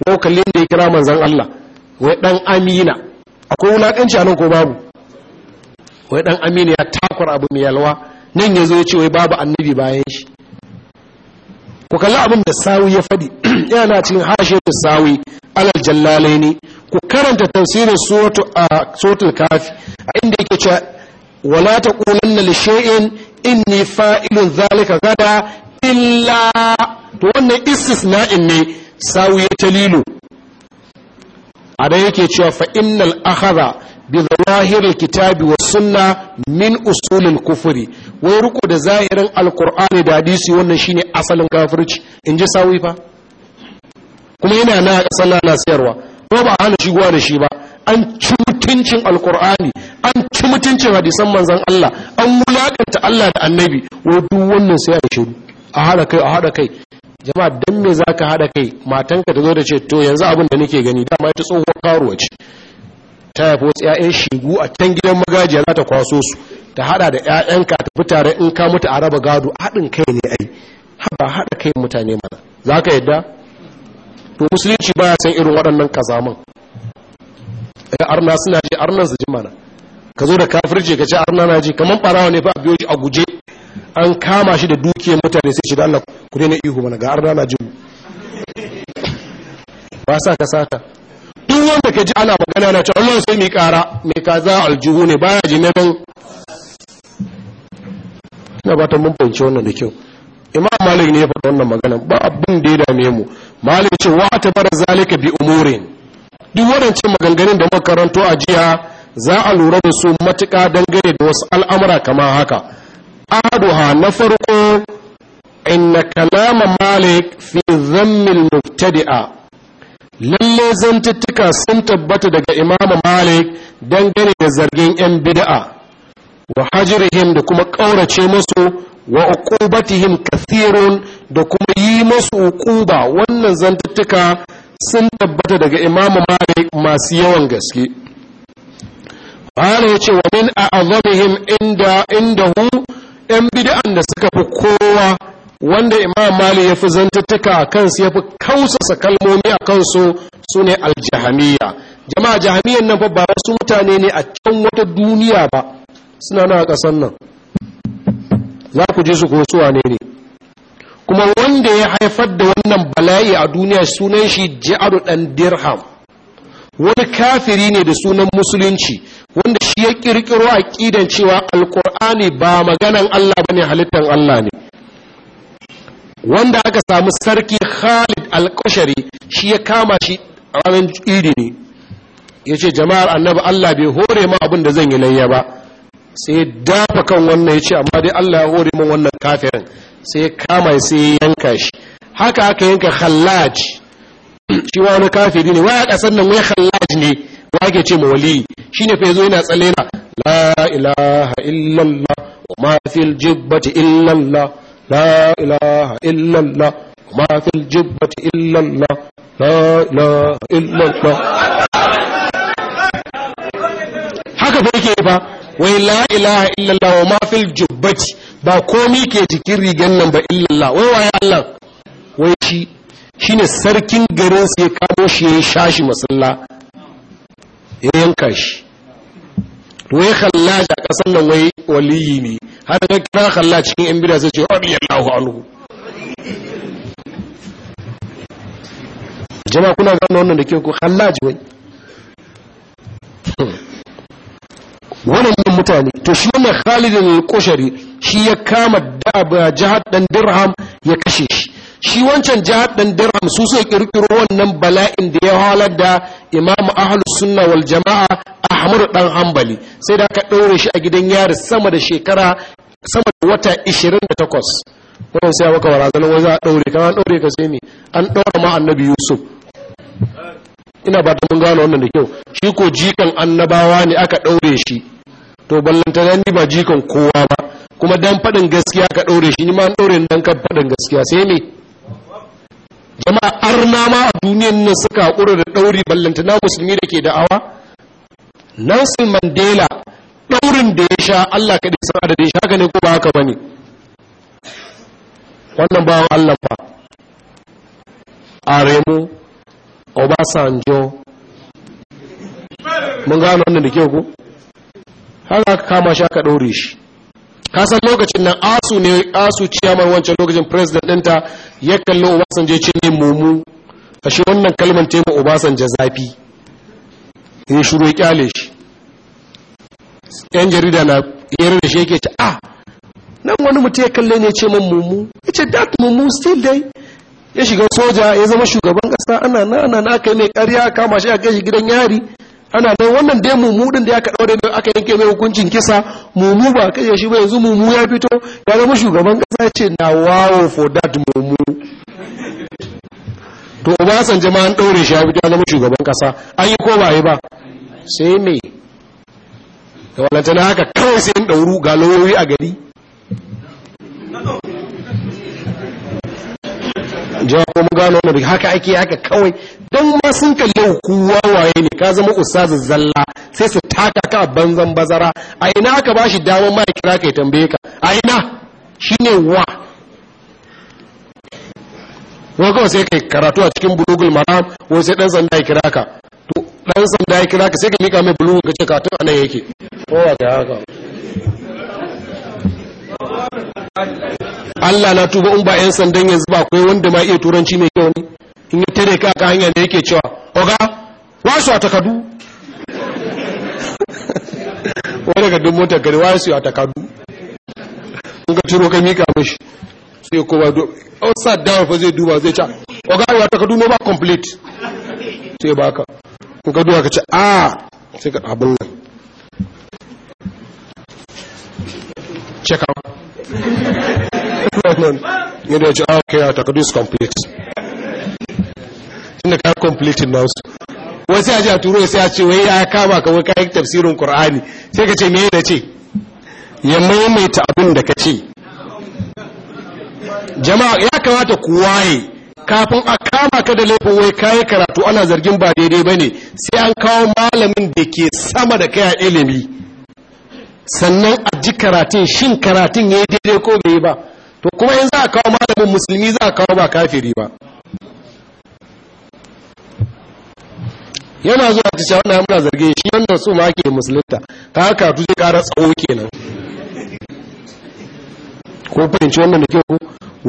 ko kalli da ya kira manzon Allah wai dan amina akwai wulakanci a nan ko babu wai dan amina ya takwar abu mai yalwa nan ya zo ya ce wai babu annabi bayan shi ku kalli abin da sawi ya faɗi yana cikin hashe da sawi alal jallalai ne ku karanta tafsirin suratu a suratul kafi a inda yake cewa wala taqulanna li shay'in inni fa'ilun zalika gada illa to wannan istisna'in ne sawi ya talilo a da yake cewa fa innal akhadha bi zawahiril kitabi wa min usulil kufuri wai ruku da zahirin alkur'ani da hadisi wannan shine asalin kafirci in ji sawi fa kuma yana na ƙasar na sayarwa ko ba a hana shigowa da shi ba an ci mutuncin alkur'ani an ci mutuncin hadisan manzan Allah an wulakanta Allah da annabi wai duk wannan sai a shiru a haɗa kai a haɗa kai jama'a dan me zaka haɗa kai matanka ta zo da ce to yanzu abin da nake gani dama ita tsohuwar karuwa ce taya haifi wasu 'ya'yan shigu a can gidan magajiya za ta kwaso su ta hada da 'ya'yanka ta fi tare in ka mutu a raba gado haɗin kai ne ai haɗa haɗa kai mutane mana za ka yadda to musulunci baya san irin waɗannan kazaman da arna suna je arnan su ji mana ka zo da kafirce ka ce arna na ji kamar ɓarawa ne fa a biyo shi a guje an kama shi da dukiyar mutane sai shi da Allah ku daina ihu mana ga arna na ji ba sa ka sata duk wanda ka ji ana magana na cewa Allah sai mai kara mai kaza aljuhu ne baya ji na nan ina ba ta mun fahimci wannan da kyau imam malik ne ya faɗa wannan magana ba abin da ya dame mu malik ce wa ta bar zalika bi umurin duk waɗancan maganganun da muka karanto a jiya za a lura da su matuƙa dangane da wasu al'amura kamar haka aduha na farko inna kalama malik fi zammil mubtadi'a lalle zantuttuka sun tabbata daga imamu malik dangane da zargin 'yan bida'a, wa hajirihim da kuma ƙaurace musu wa uqubatihim kathirun da kuma yi musu uquba wannan zantuttuka sun tabbata daga imamu malik masu yawan gaske malik ya ce wa min a'azamihim inda hu 'yan bida'an da suka fi kowa wanda imam mali ya fi zantattuka a kansu ya fi kausasa kalmomi a kansu su ne aljahamiya jama'a jahamiyan nan fa ba wasu mutane ne a can wata duniya ba suna na kasan nan za ku ji su ko ne ne kuma wanda ya haifar da wannan bala'i a duniya sunan shi ji'adu dan dirham wani kafiri ne da sunan musulunci wanda shi ya kirkiro aqidan cewa alqur'ani ba maganan Allah bane halittar Allah ne wanda aka samu sarki khalid alkushari shi ya kama shi ranar idi ne ya ce jama'ar annabi allah bai hore ma abin da zan yi lanya ba sai dafa kan wannan ya ce amma dai allah ya hore min wannan kafirin sai ya kama sai ya yanka shi haka aka yanka khallaj shi wani kafiri ne waya kasar nan wai khallaj ne wa ke ce ma wali ne fa yazo yana tsalle na la ilaha illallah wa ma fil jibbati illallah la ilaha illallah ma fil jibbati illallah la ilaha illallah haka fa yake ba wai la ilaha illallah wa ma fil jubbati ba komi ke jikin rigan nan ba illallah wai waye Allah wai shi shine sarkin garin sai kamo shi ya shashi masalla ya yanka shi wai khallaji a kasan nan wai waliyi ne har ga kira kalla cikin yan bida sai ce radiyallahu alhu jama'a kuna gano wannan da ke ku khallaji wai waɗannan mutane to shi wannan khalidin al qushari shi ya kama da jihar dan dirham ya kashe shi shi wancan jihar ɗan dirham su sai ƙirƙiro wannan bala'in da ya halar da imamu ahlus sunna wal jama'a ahmad ɗan hambali sai da aka ɗaure shi a gidan yari sama da shekara sama da wata 28 wannan sai wara barazanar wani za a ɗaure kama an ɗaure ka sai me an ɗaura ma annabi yusuf ina ba mun gano wannan da kyau shi ko jikan annabawa ne aka ɗaure shi to ballanta ni ba jikan kowa ba kuma dan faɗin gaskiya ka ɗaure shi ni ma an ɗaure dan kan faɗin gaskiya sai me jama'a arna ma a duniyan nan suka haƙura da ɗauri ballantana musulmi da ke da'awa nelson mandela ɗaurin da ya sha allah kaɗai san adadin shi haka ne ko ba haka ba ne wannan wa allah fa aremu obasanjo mun gano wannan da kyau ko haka kama shi aka ɗaure shi kasan lokacin nan asu ne asu ciyaman wancan lokacin president ɗinta ya kalli obasanjo ya ce ne mumu a shi wannan kalmar tema obasanjo zafi ya shuru ya kyale shi yan jarida na yare da shi yake ce a ah! nan wani mutum ya kalle ne ce man mumu ya ce dat mumu still dai ya shiga soja ya zama shugaban kasa ana na ana na aka yi mai karya kama shi a gashi gidan yari ana nan wannan dai mumu din da ya kaɗa wadda aka yanke mai hukuncin kisa mumu ba kashe shi ba yanzu mumu ya fito ya zama shugaban ƙasa ce na wawo for that mumu to san jama'an ɗaure shi ya fito ya zama shugaban ƙasa an yi ko ba yi ba sai me da na haka kawai sai ɗauru ga lauyoyi a gari jawa ko mu gano wani haka ake haka kawai don ma sun kalli hukuwa waye ne ka zama ustazin zalla sai su taka ka banzan bazara a ina aka ba shi damar ma kira ka tambaye ka a ina shine wa wani kawai sai kai karatu a cikin bulugul maram wani sai dan sanda ya kira ka to dan sanda ya kira ka sai ka mika mai bulugul ka ce ka tun anan yake kowa da haka Allah na tuba in ba 'yan sandan yanzu ba akwai wanda ma iya turanci mai kyau ne in yi tere ka kan hanya ne yake cewa oga wasu a takadu wani ga dumo takari wasu a takadu in ka turo ka mika mashi sai kowa do outside dawa fa zai duba zai ca. oga ya takadu no ba complete sai ka. in ka duwa ka ce a sai ka abin nan check out yadda ya ce a ah, kai a takadu is complete da ka completing nasu wai sai a a turo sai a ce wai ya kama kawai wai tafsirin qur'ani sai ka ce me da ce ya maimaita abin da ka ce jama'a ya kamata ku waye kafin a kama ka da laifin wai kayi karatu ana zargin ba daidai ba ne sai an kawo malamin da ke sama da kai a ilimi sannan a ji karatun shin karatun ya yi daidai ko bai ba to kuma in za a kawo malamin musulmi za a kawo ba kafiri ba yana zuwa ta shawar na muna zarge shi wannan su ma ke musulunta ta haka tuje kara tsawo kenan ko fahimci wannan da kyau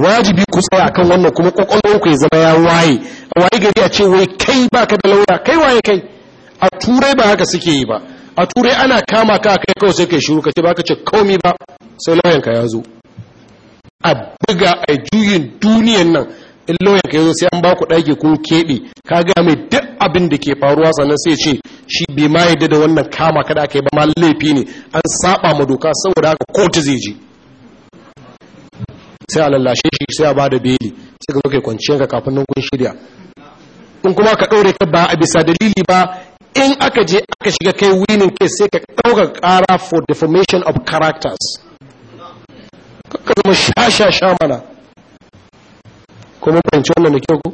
wajibi ku tsaya akan wannan kuma kwakwalwa ku ya zama ya waye waye gari a ce wai kai baka da lauya kai waye kai a turai ba haka suke yi ba a turai ana kama ka kai kawai sai kai shiru ka ce baka ce komi ba sai lauyanka ya zo a buga a juyin duniyan nan in lauyan ka yazo sai an baku ɗage kun keɓe ka gaya mai duk abin da ke faruwa sannan sai ce shi bai ma yadda da wannan kama kada ka yi ba ma laifi ne an saba ma doka saboda haka kotu zai je sai a lallashe shi sai a ba da beli sai ka zo kai kwanciyar ka kafin nan kun shirya in kuma ka ɗaure ka ba a bisa dalili ba in aka je aka shiga kai winin case sai ka ɗauka ƙara for defamation of characters ka zama sha-sha-sha mana ko mun fahimci wannan da kyau ko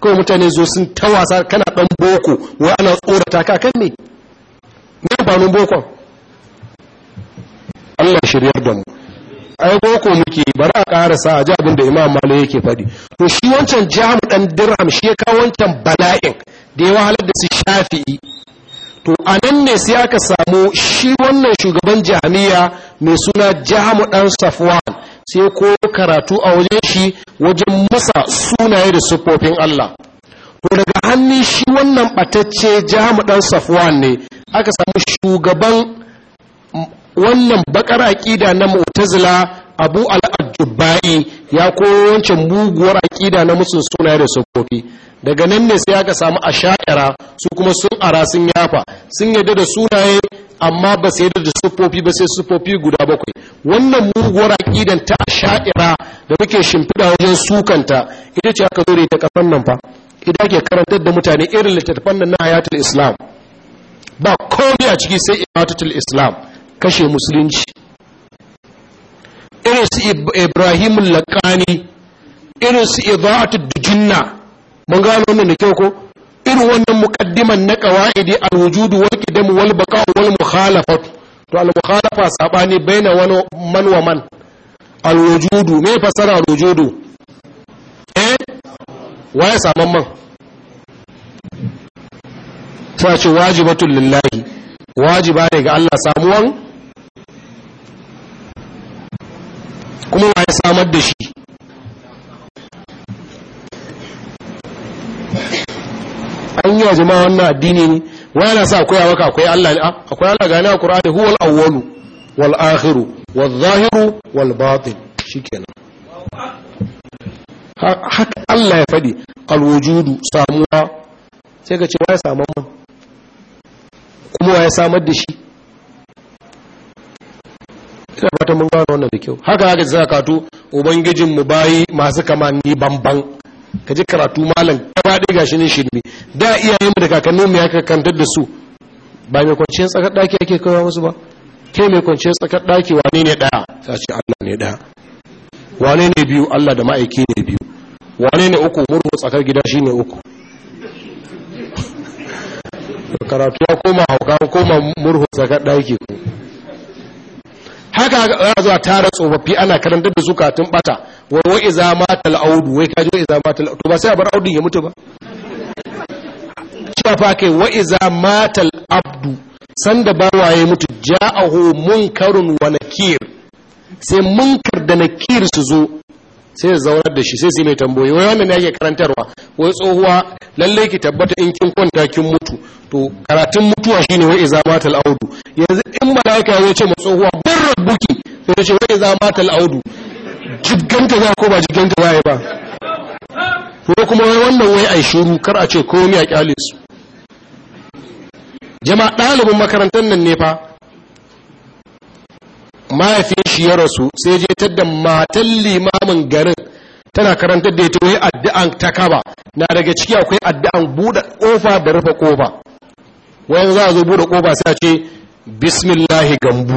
Kuma mutane zo sun ta wasa kana ɗan boko wai ana tsorata ka kan ne me amfanin bokon Allah shiryar da mu ai boko muke bari a karasa a ji abin da imam malo yake faɗi to shi wancan jamu dan dirham shi ya kawo wancan bala'in da ya wahalar da su shafi'i to a nan ne sai aka samu shi wannan shugaban jami'a mai suna jamu dan safwan sai ko karatu a waje shi wajen masa sunaye da siffofin Allah to daga hannu shi wannan batacce jamu ɗan safwan ne aka samu shugaban wannan bakar aƙida na mu'tazila abu al'ajubai ya koyo wancan muguwar aƙida na musu suna da sokofi daga nan ne sai aka samu a sha'ira su kuma sun ara sun yafa sun yadda da sunaye amma ba sai da sufofi ba sai sufofi guda bakwai wannan muguwar aƙidan ta sha'ira da muke shimfida wajen sukanta ita ce aka zo ta ita kafan nan fa ita ke karantar da mutane irin littattafan nan na hayatul islam ba komai a ciki sai imatatul islam kashe musulunci irin su ibrahim laƙani irin su ibaatu dujinna mun gano wannan da kyau ko irin wannan mukaddiman na qawaidi al-wujud wal qidam wal baqa wal mukhalafat to al mukhalafa sabani baina wani man wa man al wujud me fasara al wujud eh waye saman man ta ce wajibatul lillahi wajiba ne ga Allah samuwan kuma wa ya samar da shi an yi wa jama'a wannan addini ne wani na sa akwai awaka akwai Allah ne ah, akwai Allah gani a da huwal awwalu wal ahiru wal zahiru wal batin shi kenan haka Allah ya fadi alwujudu samuwa sai ka ce wa ya samu man kuma wa ya samar da shi ina fata mun gano wannan da kyau haka haka ka to ubangijin mu bayi masu kamanni bamban ka ji karatu malam ba ɗaya gashi ne shirme da iyayen mu da kakanni mu ya kakantar da su ba mai kwanciyar tsakar daki ake kawo musu ba ke mai kwanciyar tsakar daki wane ne ɗaya sai ce Allah ne ɗaya wane ne biyu Allah da ma'aiki ne biyu wane ne uku murhu tsakar gida shi ne uku karatu ya koma hauka koma murhu tsakar daki ku haka za zuwa tara tsofaffi ana karantar da su katun bata wa wa iza matal audu wai kaji wa iza matal audu ba sai a bar audun ya mutu ba cewa fa kai wa iza matal abdu sanda wa ya mutu ja'ahu munkarun wa nakir sai munkar da nakir su zo sai ya zaunar da shi sai su mai tambayi. wai wannan ne ke karantarwa wai tsohuwa lallai ki tabbata in kin kwanta kin mutu to karatun mutuwa shine wai iza matal audu yanzu in malaika ya ce ma tsohuwa bin rabbuki sai ya ce wai iza matal audu jiganta za ko ba jiganta za ba ko kuma wai wannan wai ai shiru kar a ce komai a kyale su jama'a ɗalibin makarantar nan ne fa mahaifin shi ya rasu sai je da matan limamin garin tana karanta da ta yi addu'an takaba na daga ciki akwai addu'an buɗe ƙofa da rufe ƙofa wani za a zo buɗe ƙofa sai a ce bismillahi gambu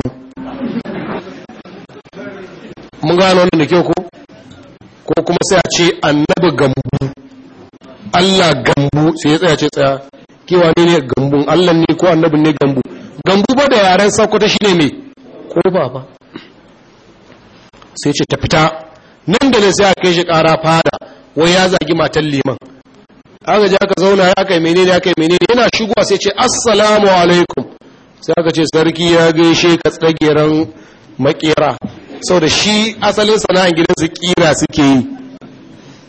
mun gano wannan da kyau ko ko kuma sai a ce annabi gambu Allah gambu sai ya tsaya ce tsaya kewa ne ne gambun Allah ne ko annabin ne gambu gambu ba da yaren sakwata ne mai Ko ba sai ce ta fita nan da nan sai a kai shi ƙara fada wai ya zagi matan liman aka ji aka zauna ya kai menene aka menene yana shigowa sai ce assalamu alaikum sai aka ce sarki ya gaishe ka tsageren makera sau da shi asalin sana'an gidan su kira suke yi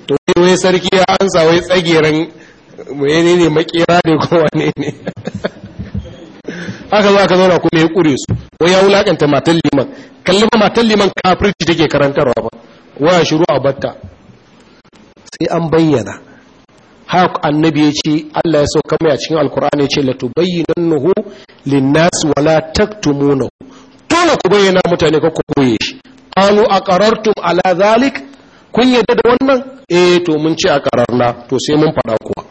to wai sarki ya ansa wai tsageren menene makera ne ko wane ne haka za ka zauna kuma ya kure su ko ya wulakanta matan liman kalli ba matan liman kafirci take karantarwa ba Waya shiru a batta sai an bayyana haka annabi ya ce Allah ya sauka mai a cikin alkur'ani ya ce la tubayyinannahu linnas wala taktumunahu dole ku bayyana mutane ka ku koye shi qalu aqarartum ala zalik kun yadda da wannan eh to mun ce aqararna to sai mun faɗa kuwa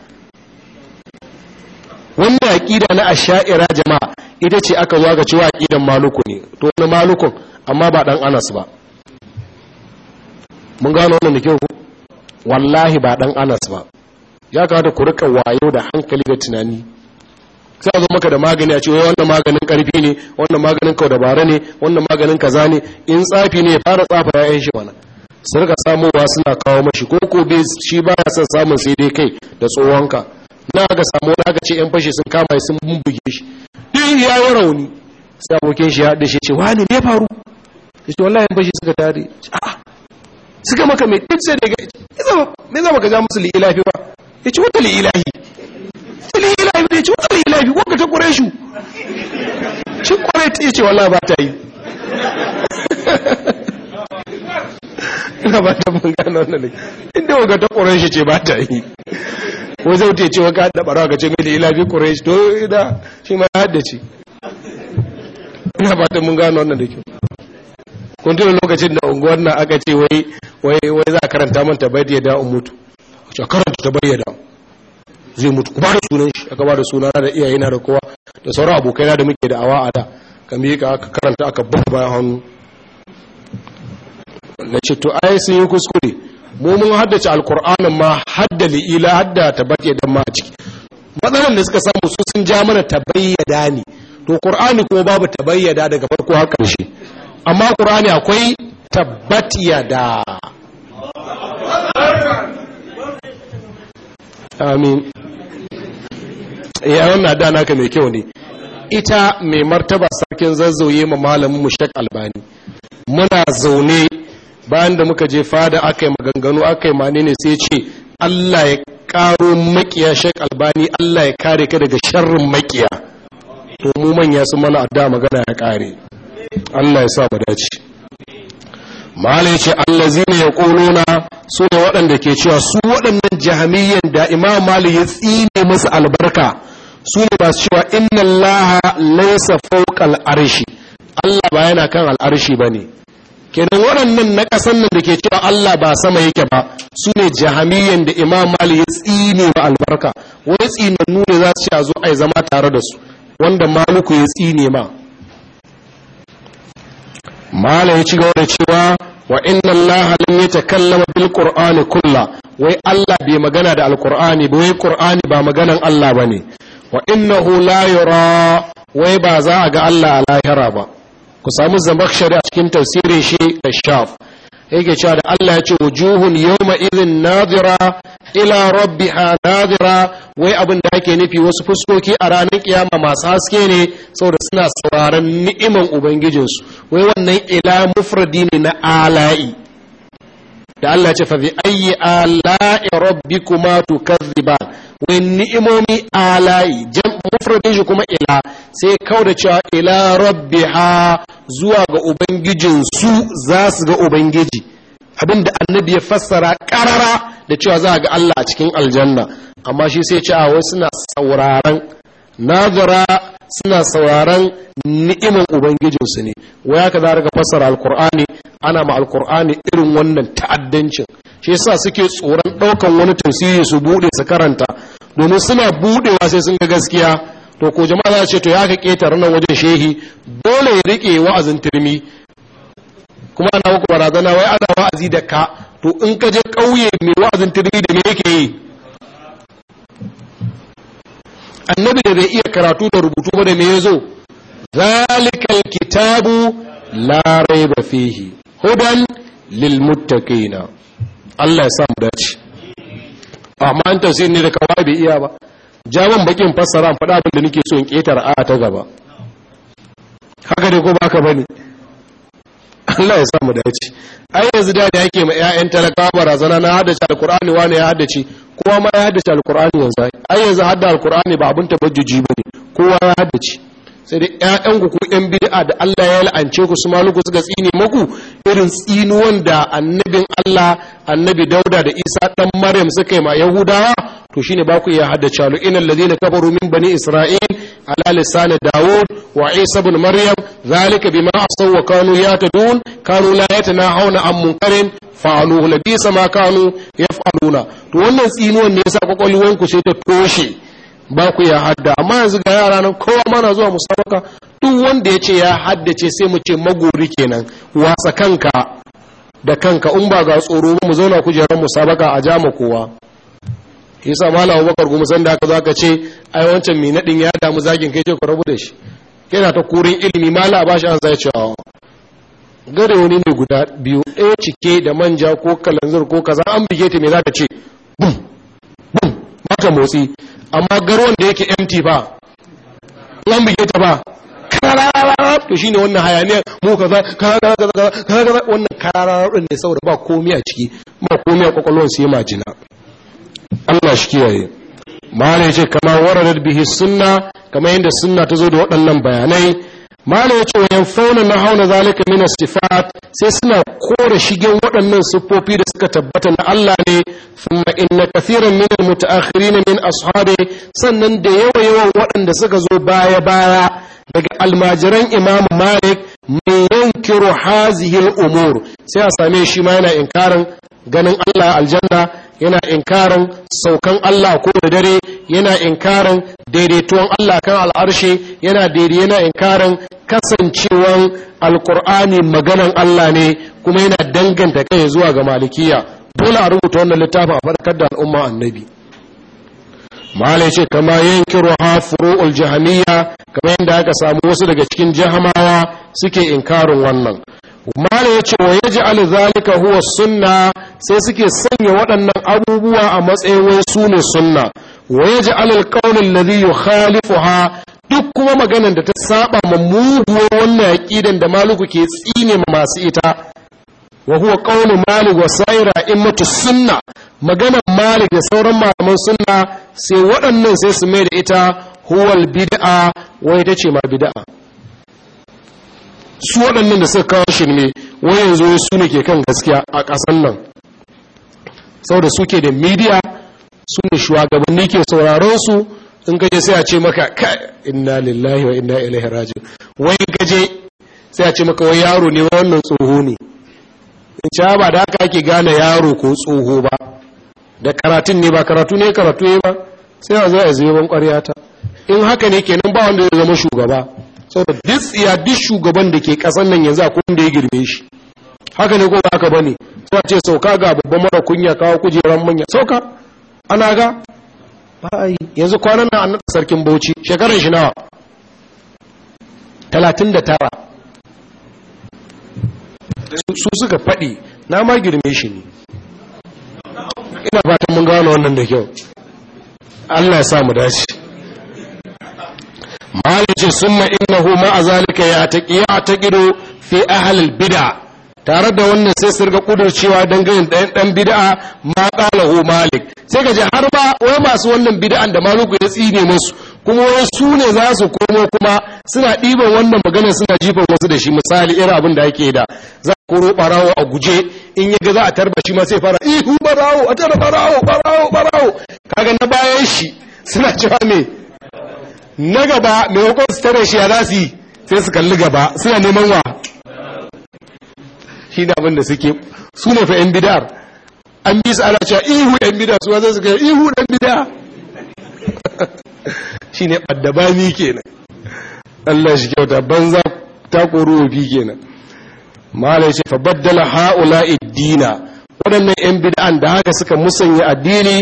wannan aqida na asha'ira jama'a ita ce aka zuwa ga cewa aƙidan maluku ne to wani malukun amma ba ɗan anas ba mun gano wannan da wallahi ba dan anas ba ya kamata ku rika wayo da hankali ga tunani sai zo maka da magani a ce wannan maganin karfi ne wannan maganin kau dabara ne wannan maganin kaza ne in tsafi ne fara tsafa ya'yan shi mana su rika samowa suna kawo mashi ko ko bai shi ba ya son samun sai dai kai da tsohonka na ga samu wani aka ce yan fashe sun kama sun bumbuge shi duk ya yi rauni sai abokin shi ya haɗe shi ce wani ne faru ya ce wallahi yan fashe suka tare ah, suka maka mai duk sai daga me zama ka ja musu li'ilafi ba ya ce wata li'ilahi li'ilahi ne ce wata li'ilahi wanka ta kure shu shi kure ta yi ce wallahi ba ta yi ina ba ta mun gano wannan ne inda wanka ta kure shi ce ba ta yi ko zai wuce cewa ka da barawa ka ce mai da ilabi quraish to da shi ma haddace ina ta mun gano wannan da kyau kun tuna lokacin da unguwar nan aka ce wai wai wai za a karanta man tabayya da in mutu a karanta tabayya da zai mutu kuma da sunan shi aka ba da sunana da iyayena da kowa da sauran abokaina da muke da awa a da kamar ka aka karanta aka bamba bayan hannu na ce to ai sun yi kuskure mu mun haddace alkur'anin ma hadda li'ila hadda ta baƙe don ma ciki matsalan da suka samu su sun ja mana tabayyada ne to qur'ani kuma babu tabayyada daga farko har karshe amma qur'ani akwai tabbatiyada amin ya eh, wannan da naka mai kyau ne ita mai martaba sarkin zazzauye ma malamin mu shek albani muna zaune bayan da muka je fada aka yi maganganu aka yi manene ne sai ce Allah ya karo makiya shek albani Allah ya kare ka daga sharrin makiya to mu manya su mana adda magana ya kare Allah ya sa mu dace malai ce allazina yaquluna su ne waɗanda ke cewa su waɗannan jahamiyyan da imam malik ya tsine musu albarka su ne ba su cewa inna allaha laysa fawqa al-arshi Allah ba yana kan al-arshi bane kenan waɗannan na ƙasan nan da ke cewa Allah ba sama yake ba su ne jahamiyyan da imam mali ya tsine ma albarka wani tsinannu nuna za su a zo zama tare da su wanda maluku ya tsine ma mala ya ci gaba da cewa wa inna Allah lam yatakallama bil qur'ani kulla wai Allah bai magana da alqur'ani ba wai qur'ani ba maganan Allah bane wa innahu la yura wai ba za a ga Allah a lahira ba ku samu zamakshari a cikin tafsirin shi shaf yake cewa da Allah ya ce wujuhun yawma idhin nadira ila rabbiha nadira wai abin da ake nufi wasu fuskoki a ranar kiyama masu haske ne saboda suna sauraron ni'iman ubangijinsu wai wannan ila mufradi ne na ala'i da Allah ya ce fa bi ayyi ala'i rabbikuma tukazziban wani ni'imomi alayi mufradin shi kuma ila sai kau da cewa ila rabbiha zuwa ga ubangijin su za su ga ubangiji abinda annabi ya fassara karara da cewa za a ga Allah a cikin aljanna amma shi sai ce a wai suna sauraron nazara suna sauraron ni'imin ubangijinsu ne waya ka za fassara alkur'ani ana ma alkur'ani irin wannan ta'addancin shi yasa suke tsoron ɗaukan wani tafsiri su buɗe su karanta domin suna budewa sai sun ga gaskiya to ko jama'a za ce to ya ka keta nan wajen shehi dole ya rike wa'azin turmi kuma ana muku barazana wai ana wa'azi da ka to in ka je ƙauye mai wa'azin turmi da me yake yi annabi da bai iya karatu da rubutu ba da me yazo zalikal kitabu la raiba fihi hudan lil muttaqina Allah ya sa dace amma an tafsir ne da kawai bai iya ba jaman bakin fassara faɗa abin da nake so in ƙetare a ta gaba haka dai ko baka bane Allah ya samu dace ai yanzu da yake ma ƴaƴan talaka barazana na haddace alqur'ani wani ya haddace kowa ma ya haddace alqur'ani yanzu ai yanzu hadda alqur'ani ba abin tabajjuji bane kowa ya haddace sai da ƴaƴanku ku ƴan bid'a da Allah ya la'ance ku su maluku suka tsine maku irin tsinuwan da annabin Allah annabi Dauda da Isa ɗan Maryam suka yi ma Yahudawa to shine ba ku iya haddace lu inal ladina kafaru min bani Isra'il ala lisan Dawud wa Isa ibn Maryam zalika bima asaw wa kanu yatadun kanu la hauna an munkarin fa'aluhu labisa ma kanu yaf'aluna to wannan tsinuwan ne yasa kwakwalwanku sai ta toshe ba ku ya hadda amma yanzu ga yara nan kowa mana zuwa musabaka duk wanda ya ce ya haddace sai mu ce magori kenan wasa kanka da kanka in ba ga tsoro mu zauna kujerar musabaka a jama kowa yasa malam Abubakar goma san da aka zo ce ai wancan mai nadin ya damu zagin kai ce ku rabu da shi yana ta kurin ilimi mala ba shi an zai cewa gare wani ne guda biyu ɗaya cike da manja ko kalanzir ko kaza an bige ta me za ta ce bum bum mata motsi amma garwan da yake empty ba an bige ta ba to shine wannan hayaniya mu kaza kaza kaza kaza wannan kararrun ne saboda ba komai a ciki ba komai a kwakwalwar sai majina Allah shi kiyaye mala yace kama waradat bihi sunna kama yanda sunna ta zo da waɗannan bayanai mala ya ce wa yan fauna na hauna zalika mina sifat sai suna kore shigen waɗannan siffofi da suka tabbata na Allah ne thumma inna kathiran min almutaakhirin min ashabi sannan da yawa yawan waɗanda suka zo baya baya daga almajiran imam malik mai yankiru hazihi al-umur sai a same shi ma yana inkarin ganin Allah aljanna yana inkarin saukan Allah ko da dare yana inkarin daidaituwan Allah kan al'arshe yana daidai yana inkarin kasancewan alkur'ani maganan Allah ne kuma yana danganta kai zuwa ga malikiya dole a rubuta wannan littafin a farkar da al'umma annabi malai ce kama yankin Ruha, furu'ul jahamiyya kamar yadda aka samu wasu daga cikin jahamawa suke inkarin wannan mala ya ce wa ya ji alizalika huwa sunna sai suke sanya waɗannan abubuwa a matsayin wai su ne sunna wa yaj'al al-qawl alladhi duk kuma maganar da ta saba ma muguwar wannan aqidan da maluku ke tsine ma masu ita wa huwa qawlu malik wa sa'ira immatu sunna maganar malik da sauran malaman sunna sai waɗannan sai su mai da ita huwal bid'a wa ita ce ma bid'a su waɗannan da suka kawo shi ne wa yanzu su ne ke kan gaskiya a ƙasan nan saboda suke da midiya su ne shugabanni ke sauraron su in gaje sai a ce maka inna lillahi wa inna ilaihi raji'un wai gaje sai a ce maka wai yaro ne wannan tsoho ne in ci ba da haka ake gane yaro ko tsoho ba da karatun ne ba karatu ne karatu ne ba sai a zo a zai ban ƙwarya ta in haka ne kenan ba wanda ya zama shugaba saboda duk ya duk shugaban da ke kasan nan yanzu a kun da ya girbe shi haka ne ko ba haka bane sai a ce sauka ga babban mara kunya kawo kujeran manya sauka ana ga ba yanzu kwanan na annata sarkin bauchi shekarar shi nawa talatin da tara su suka faɗi na ma girme shi ne ina fatan mun gano wannan da kyau allah ya sa mu dace malice sun ma'inahu a zalika ya taƙi ya taƙido fi ahalil bida tare da wannan sai su riga kudurcewa dangane ɗan ɗan bid'a ma qalahu malik sai ka ji har ba wai masu wannan bid'an da maluku ya tsine musu kuma wai su ne za su komo kuma suna ɗiban wannan magana suna jifan wasu da shi misali irin abin da yake da za a koro ɓarawo a guje in ya ga za a tarba shi ma sai fara ihu ɓarawo a tara ɓarawo ɓarawo. ɓarawo kaga na bayan shi suna cewa me na gaba mai wakon su tare shi ya za su yi sai su kalli gaba suna neman wa shi da abinda da suke su ne 'yan bidar an bi su ana cewa ihu 'yan bidar su wazan suka yi ihu ɗan bidar shi ne ke kenan Allah shi kyauta banza ta koru wafi kenan mala ce fa baddala ha'ula iddina waɗannan 'yan bid'an da haka suka musanya addini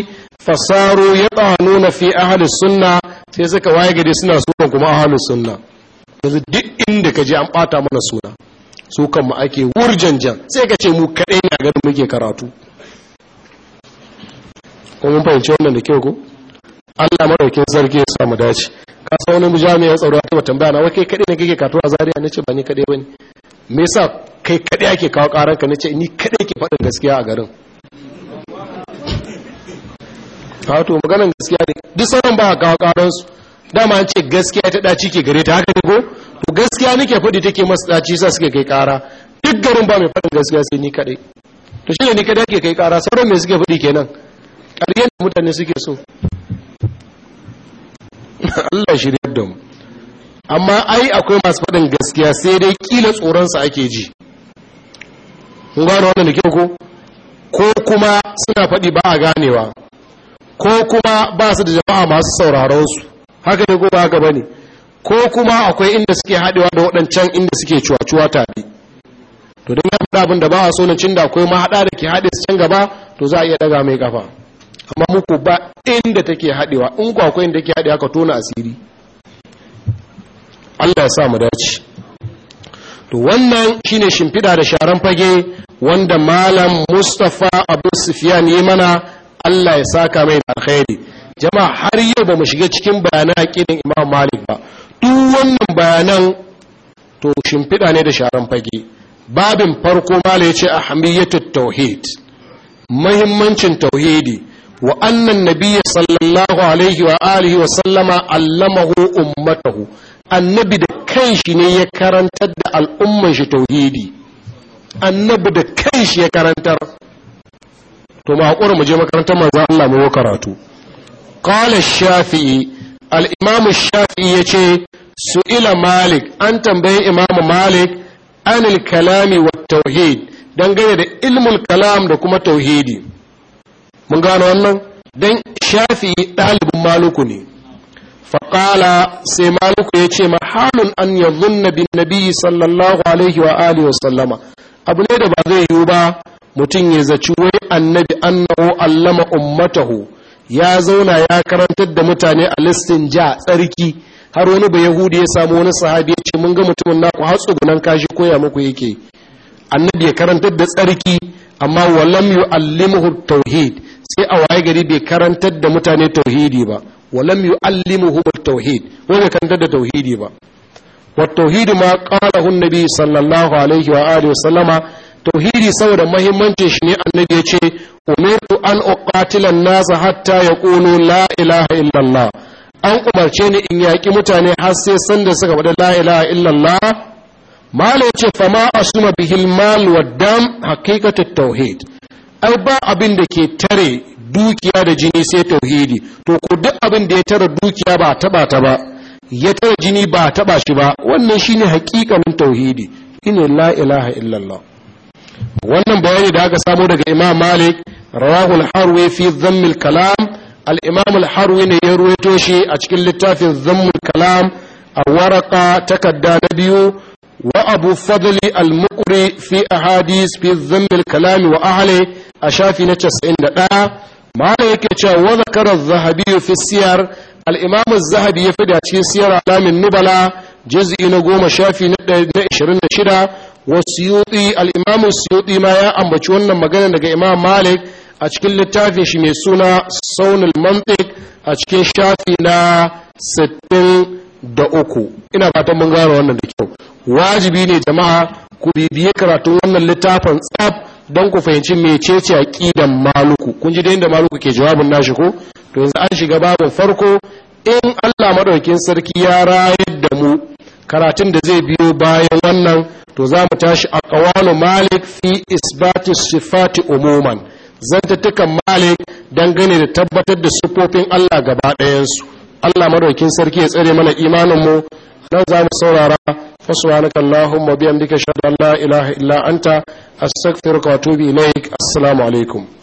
fasaro ya nuna fi ahalus sunna sai suka waye gari suna sukan kuma ahalus sunna yanzu duk inda ka je an ɓata mana suna su kanmu ake wurjanjan sai ka ce mu kaɗai na ganin muke karatu kuma fahimci wannan da kyau ko allah maraukin zargi ya samu dace ka sa wani jami'an tsaro ta ba tambaya na wakai kaɗai ne kake kato a zariya na ce ba ni kaɗai ba ne me yasa kai kaɗai ake kawo ƙaranka na ce ni kaɗai ke faɗin gaskiya a garin wato maganan gaskiya ne duk sauran ba a kawo ƙararsu. dama an ce gaskiya ta ɗaci ke gare ta haka ne ko gaskiya nake faɗi take masallaci sa suke kai ƙara duk garin ba mai faɗin gaskiya sai ni kaɗai to shi ne ni kaɗai ake kai ƙara sauran me suke faɗi kenan ƙaryen da mutane suke so Allah shirya da mu amma ai akwai masu faɗin gaskiya sai dai kila tsoronsa ake ji mun gano wannan da ko ko kuma suna faɗi ba a ganewa ko kuma ba su da jama'a masu sauraron su haka ne ko ba haka ne? ko kuma akwai inda suke haɗewa da waɗancan inda suke cuwa-cuwa tare to don ya abin da ba a so na cin da akwai mahaɗa da ke haɗe su can gaba to za a iya ɗaga mai ƙafa. amma muku ba inda take haɗewa in ku akwai inda take haɗewa ka tona asiri Allah ya sa mu dace to wannan shine shimfiɗa da sharan fage wanda malam Mustapha Abu sufiyan yi mana Allah ya saka mai alkhairi jama'a har yau ba mu shiga cikin bayanan aqidin Imam Malik ba duk wannan bayanan to shimfiɗa ne da sharan fage babin farko mala ya ce a hamiyyatu tauhid mahimmancin tauhidi wa annan nabiyya sallallahu alaihi wa alihi wa sallama allamahu ummatahu annabi da shi ne ya karantar da al'umman shi tauhidi annabi da shi ya karantar to ma hakura mu je makarantar manzo Allah mu karatu qala shafi'i al'imamu shafi ya ce su ila malik an tambayi imamu malik anil kalami wa tauhid dangane da ilmul kalam da kuma tauhidi mun gano wannan don shafi ɗalibin Maliku ne faƙala sai Maliku ya ce mahalun an yadhunna bin nabi sallallahu alaihi wa alihi wa sallama abu ne da ba zai yiwu ba mutum ya zaci wai annabi annahu allama ummatahu ya zauna ya karantar da mutane a listin ja tsarki har wani ba yahudi ya samu wani sahabi ya ce mun ga mutumin naku hatsu tsugunan kashi koya muku yake annabi ya karantar da tsarki amma walam allimuhu tauhid sai a waye gari bai karantar da mutane tauhidi ba walam yu'allimuhu tauhid wai bai karantar da tauhidi ba wa tauhidi ma qalahu annabi sallallahu alaihi wa alihi wa sallama tauhidi saboda mahimmancin shi ne annabi ya ce umirtu an uqatilan nasa hatta yaqulu la ilaha illallah an umarce ni in yaki mutane har sai san da suka bada la ilaha illallah mala ya ce fama asuma bihil mal wa dam haqiqatut tauhid ai ba abin da ke tare dukiya da jini sai tauhidi to ko duk abin da ya tare dukiya ba taba ta ba ya tare jini ba taba shi ba wannan shine haƙiƙanin tauhidi ina la ilaha illallah wannan bayani da aka samu daga imam malik rawahu harwi fi dhamm kalam al-imam harwi ne ya ruwaito shi a cikin littafin dhamm kalam a waraka takadda na biyu wa abu fadli al-muqri fi ahadith fi dhamm kalam wa ahli a shafi na 91 malik yake cewa wa zakara az-zahabi fi siyar الإمام الذهبي يفدى تشيسير علام النبلة جزء na شافي نقدر نقشر النشرة wasiyuti al-imam siyuti ma ya ambaci wannan magana daga imam malik a cikin littafin shi mai suna saunil mantiq a cikin shafi na 63 ina fatan mun gano wannan da kyau wajibi ne jama'a ku bibiye karatun wannan littafin tsaf don ku fahimci mecece aqidan maluku kun ji da inda maluku ke jawabin nashi ko to yanzu an shiga babin farko in Allah madaukin sarki ya rayar da mu karatun da zai biyo bayan wannan to za mu tashi a ƙawalu malik fi isbati sifati umuman zantattukan malik dangane da tabbatar da sufofin allah gaba ɗayansu allah madaukin sarki ya tsare mana imaninmu nan za mu saurara fasuwanaka allahumma biyan dika shaɗa la ilaha illa anta astaghfiruka wa atubu ilaik assalamu alaikum